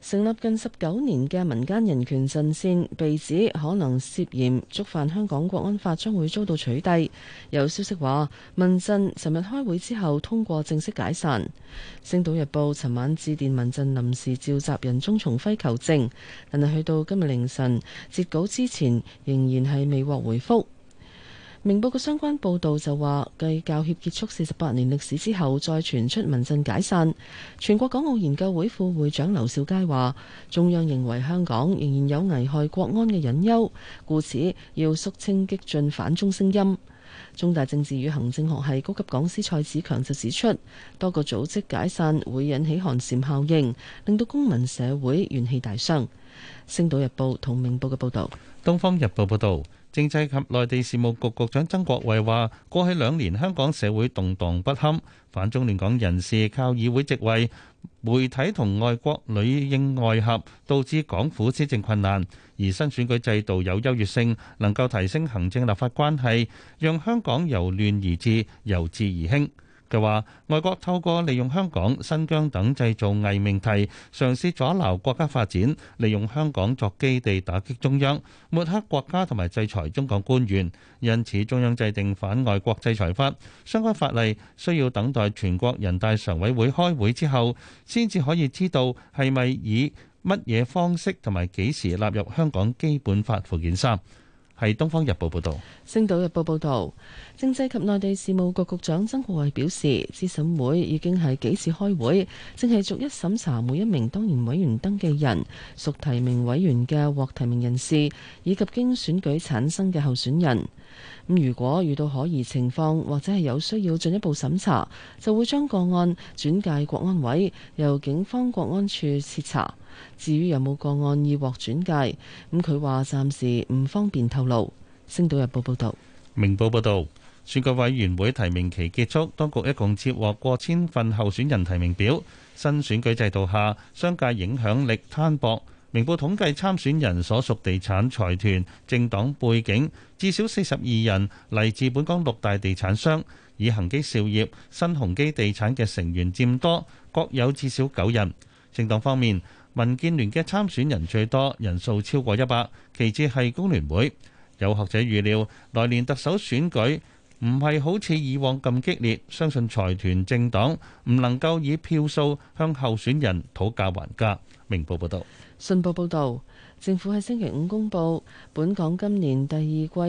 成立近十九年嘅民間人權陣線被指可能涉嫌觸犯香港國安法，將會遭到取締。有消息話，民陣尋日開會之後通過正式解散。星島日報尋晚致電民陣臨時召集人鍾松輝求證，但係去到今日凌晨截稿之前，仍然係未獲回覆。明報嘅相關報導就話，繼教協結束四十八年歷史之後，再傳出民陣解散。全國港澳研究會副會長劉兆佳話：中央認為香港仍然有危害國安嘅隱憂，故此要肅清激進反中聲音。中大政治與行政學系高級講師蔡子強就指出，多個組織解散會引起寒蟬效應，令到公民社會元氣大傷。星島日報同明報嘅報導，東方日報報導。政制及內地事務局局長曾國衛話：過去兩年香港社會動盪不堪，反中亂港人士靠議會席位、媒體同外國裡應外合，導致港府施政困難。而新選舉制度有優越性，能夠提升行政立法關係，讓香港由亂而治，由治而興。嘅話，外國透過利用香港、新疆等製造偽命題，嘗試阻撓國家發展，利用香港作基地打擊中央，抹黑國家同埋制裁中國官員。因此，中央制定反外國制裁法，相關法例需要等待全國人大常委會開會之後，先至可以知道係咪以乜嘢方式同埋幾時納入香港基本法附件三。係《東方日報》報道，《星島日報》報道，政制及內地事務局局長曾國衛表示，資審會已經係幾次開會，正係逐一審查每一名當然委員登記人、屬提名委員嘅獲提名人士以及經選舉產生嘅候選人。咁如果遇到可疑情況，或者係有需要進一步審查，就會將個案轉介國安委，由警方國安處徹查。至於有冇個案已獲轉介，咁佢話暫時唔方便透露。星島日報報道，明報報道，選舉委員會提名期結束，當局一共接獲過千份候選人提名表。新選舉制度下，商界影響力攤薄。明報統計參選人所屬地產財團、政黨背景，至少四十二人嚟自本港六大地產商，以恒基兆業、新鴻基地產嘅成員佔多，各有至少九人。政黨方面，民建聯嘅參選人最多，人數超過一百，其次係工聯會。有學者預料，來年特首選舉唔係好似以往咁激烈，相信財團政黨唔能夠以票數向候選人討價還價。明報報道。信報報導，政府喺星期五公布本港今年第二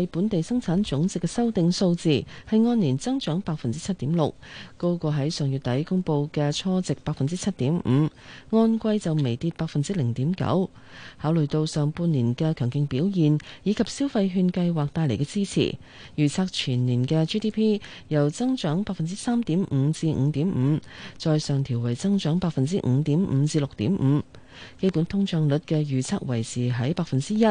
季本地生產總值嘅修訂數字，係按年增長百分之七點六，高過喺上月底公布嘅初值百分之七點五，按季就微跌百分之零點九。考慮到上半年嘅強勁表現以及消費券計劃帶嚟嘅支持，預測全年嘅 GDP 由增長百分之三點五至五點五，再上調為增長百分之五點五至六點五。基本通脹率嘅預測維持喺百分之一。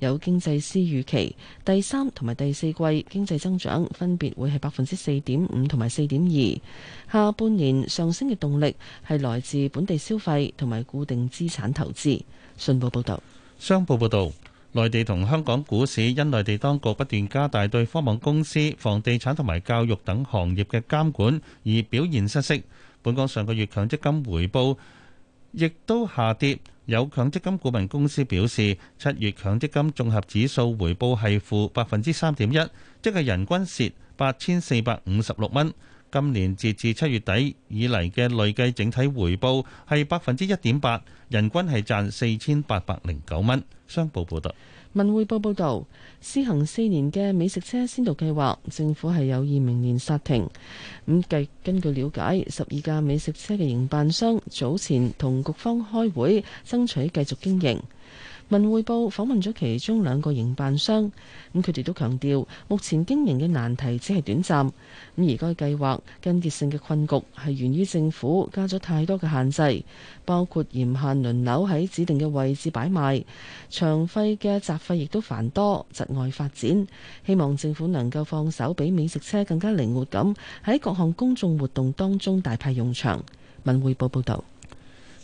有經濟師預期，第三同埋第四季經濟增長分別會係百分之四點五同埋四點二。下半年上升嘅動力係來自本地消費同埋固定資產投資。信報報道。商報報道，內地同香港股市因內地當局不斷加大對科網公司、房地產同埋教育等行業嘅監管而表現失色。本港上個月強積金回報亦都下跌，有強積金顧問公司表示，七月強積金綜合指數回報係負百分之三點一，即係人均蝕八千四百五十六蚊。今年截至七月底以嚟嘅累計整體回報係百分之一點八，人均係賺四千八百零九蚊。商報報道。文匯報報道，施行四年嘅美食車先導計劃，政府係有意明年殺停。咁據根據了解，十二架美食車嘅營辦商早前同局方開會，爭取繼續經營。文匯報訪問咗其中兩個營辦商，咁佢哋都強調，目前經營嘅難題只係短暫，咁而該計劃更急性嘅困局係源於政府加咗太多嘅限制，包括嚴限輪流喺指定嘅位置擺賣，場費嘅雜費亦都繁多，窒礙發展。希望政府能夠放手，俾美食車更加靈活咁喺各項公眾活動當中大派用場。文匯報報道。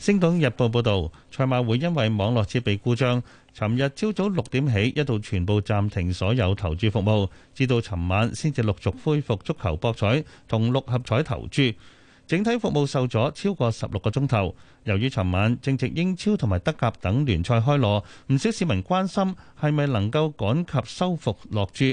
《星島日報》報導，賽馬會因為網絡設備故障，尋日朝早六點起一度全部暫停所有投注服務，至到尋晚先至陸續恢復足球博彩同六合彩投注，整體服務受阻超過十六個鐘頭。由於尋晚正值英超同埋德甲等聯賽開鑼，唔少市民關心係咪能夠趕及收復落注。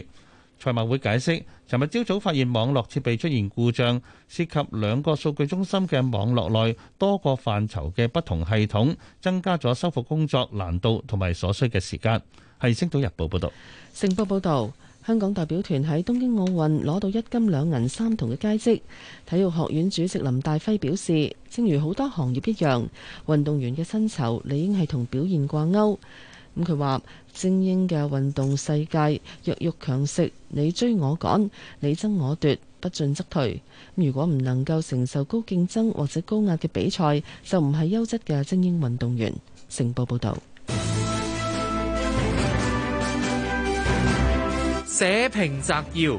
賽馬會解釋，尋日朝早發現網絡設備出現故障，涉及兩個數據中心嘅網絡內多個範疇嘅不同系統，增加咗修復工作難度同埋所需嘅時間。係《星島日報》報導。《成報》報導，香港代表團喺東京奧運攞到一金兩銀三銅嘅佳績。體育學院主席林大輝表示，正如好多行業一樣，運動員嘅薪酬理應係同表現掛鈎。咁佢話精英嘅運動世界，弱肉強食，你追我趕，你爭我奪，不進則退。如果唔能夠承受高競爭或者高壓嘅比賽，就唔係優質嘅精英運動員。成報報道。社評摘要：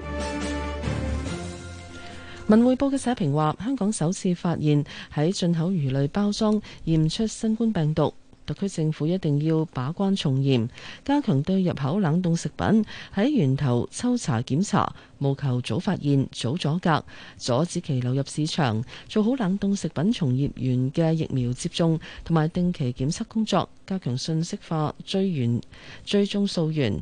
文匯報嘅社評話，香港首次發現喺進口魚類包裝驗出新冠病毒。特區政府一定要把關從嚴，加強對入口冷凍食品喺源頭抽查檢查，務求早發現、早阻隔，阻止其流入市場。做好冷凍食品從業員嘅疫苗接種同埋定期檢測工作，加強信息化追源追蹤溯源，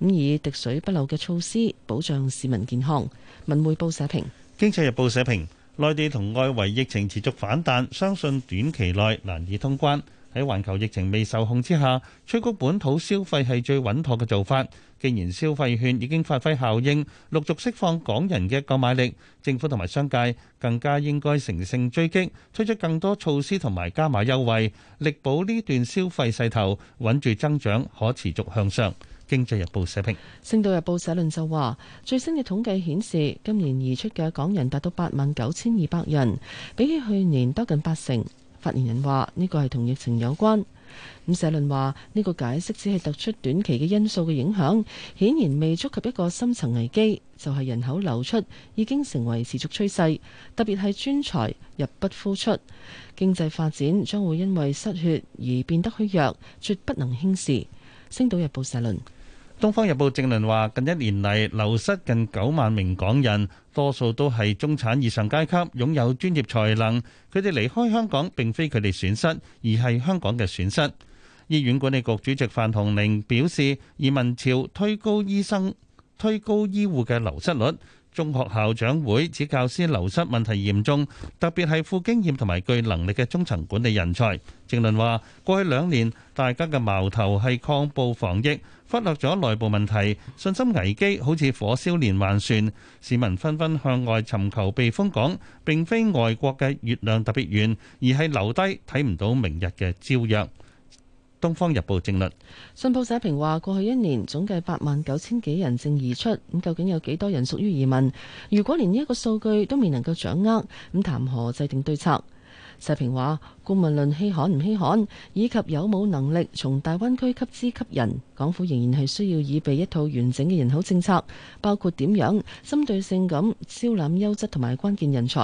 咁以滴水不漏嘅措施保障市民健康。文匯報社評，《經濟日報》社評：內地同外圍疫情持續反彈，相信短期內難以通關。喺環球疫情未受控之下，催谷本土消費係最穩妥嘅做法。既然消費券已經發揮效應，陸續釋放港人嘅購買力，政府同埋商界更加應該乘勝追擊，推出更多措施同埋加碼優惠，力保呢段消費勢頭穩住增長，可持續向上。經濟日報社評，《星島日報》社論就話：最新嘅統計顯示，今年移出嘅港人達到八萬九千二百人，比起去年多近八成。發言人話呢個係同疫情有關。咁社論話呢個解釋只係突出短期嘅因素嘅影響，顯然未觸及一個深層危機，就係、是、人口流出已經成為持續趨勢，特別係專才入不敷出，經濟發展將會因為失血而變得虛弱，絕不能輕視。星島日報社論。社論《東方日報》正論話：近一年嚟流失近九萬名港人，多數都係中產以上階級，擁有專業才能。佢哋離開香港並非佢哋損失，而係香港嘅損失。醫院管理局主席范洪寧表示，移民潮推高醫生、推高醫護嘅流失率。中學校長會指教師流失問題嚴重，特別係富經驗同埋具能力嘅中層管理人才。政論話過去兩年大家嘅矛頭係抗暴防疫，忽略咗內部問題，信心危機好似火燒連環船，市民紛紛向外尋求避風港。並非外國嘅月亮特別圓，而係留低睇唔到明日嘅朝陽。《東方日報》正論，信報社評話，過去一年總計八萬九千幾人正移出，咁究竟有幾多人屬於移民？如果連呢一個數據都未能夠掌握，咁談何制定對策？社評話，顧問論，稀罕唔稀罕，以及有冇能力從大灣區吸資吸人，港府仍然係需要以備一套完整嘅人口政策，包括點樣針對性咁招攬優質同埋關鍵人才，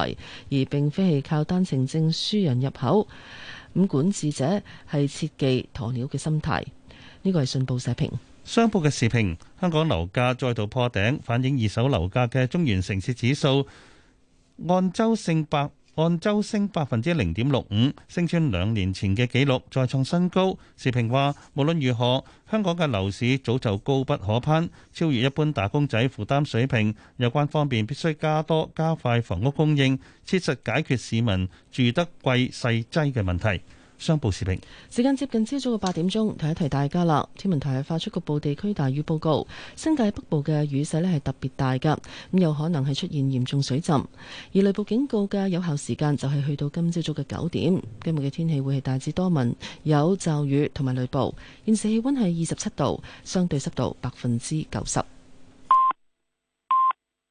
而並非係靠單程證輸入人口。咁管治者係設計鴕鳥嘅心態，呢個係信報社評。商報嘅時評，香港樓價再度破頂，反映二手樓價嘅中原城市指數按周升百。按周升百分之零點六五，升穿兩年前嘅紀錄，再創新高。時評話無論如何，香港嘅樓市早就高不可攀，超越一般打工仔負擔水平。有關方面必須加多加快房屋供應，切實解決市民住得貴細擠嘅問題。商報視頻，時間接近朝早嘅八點鐘，提一提大家啦。天文台係發出局部地區大雨報告，新界北部嘅雨勢咧係特別大噶，咁有可能係出現嚴重水浸。而雷暴警告嘅有效時間就係去到今朝早嘅九點，今日嘅天氣會係大致多雲，有驟雨同埋雷暴。現時氣温係二十七度，相對濕度百分之九十。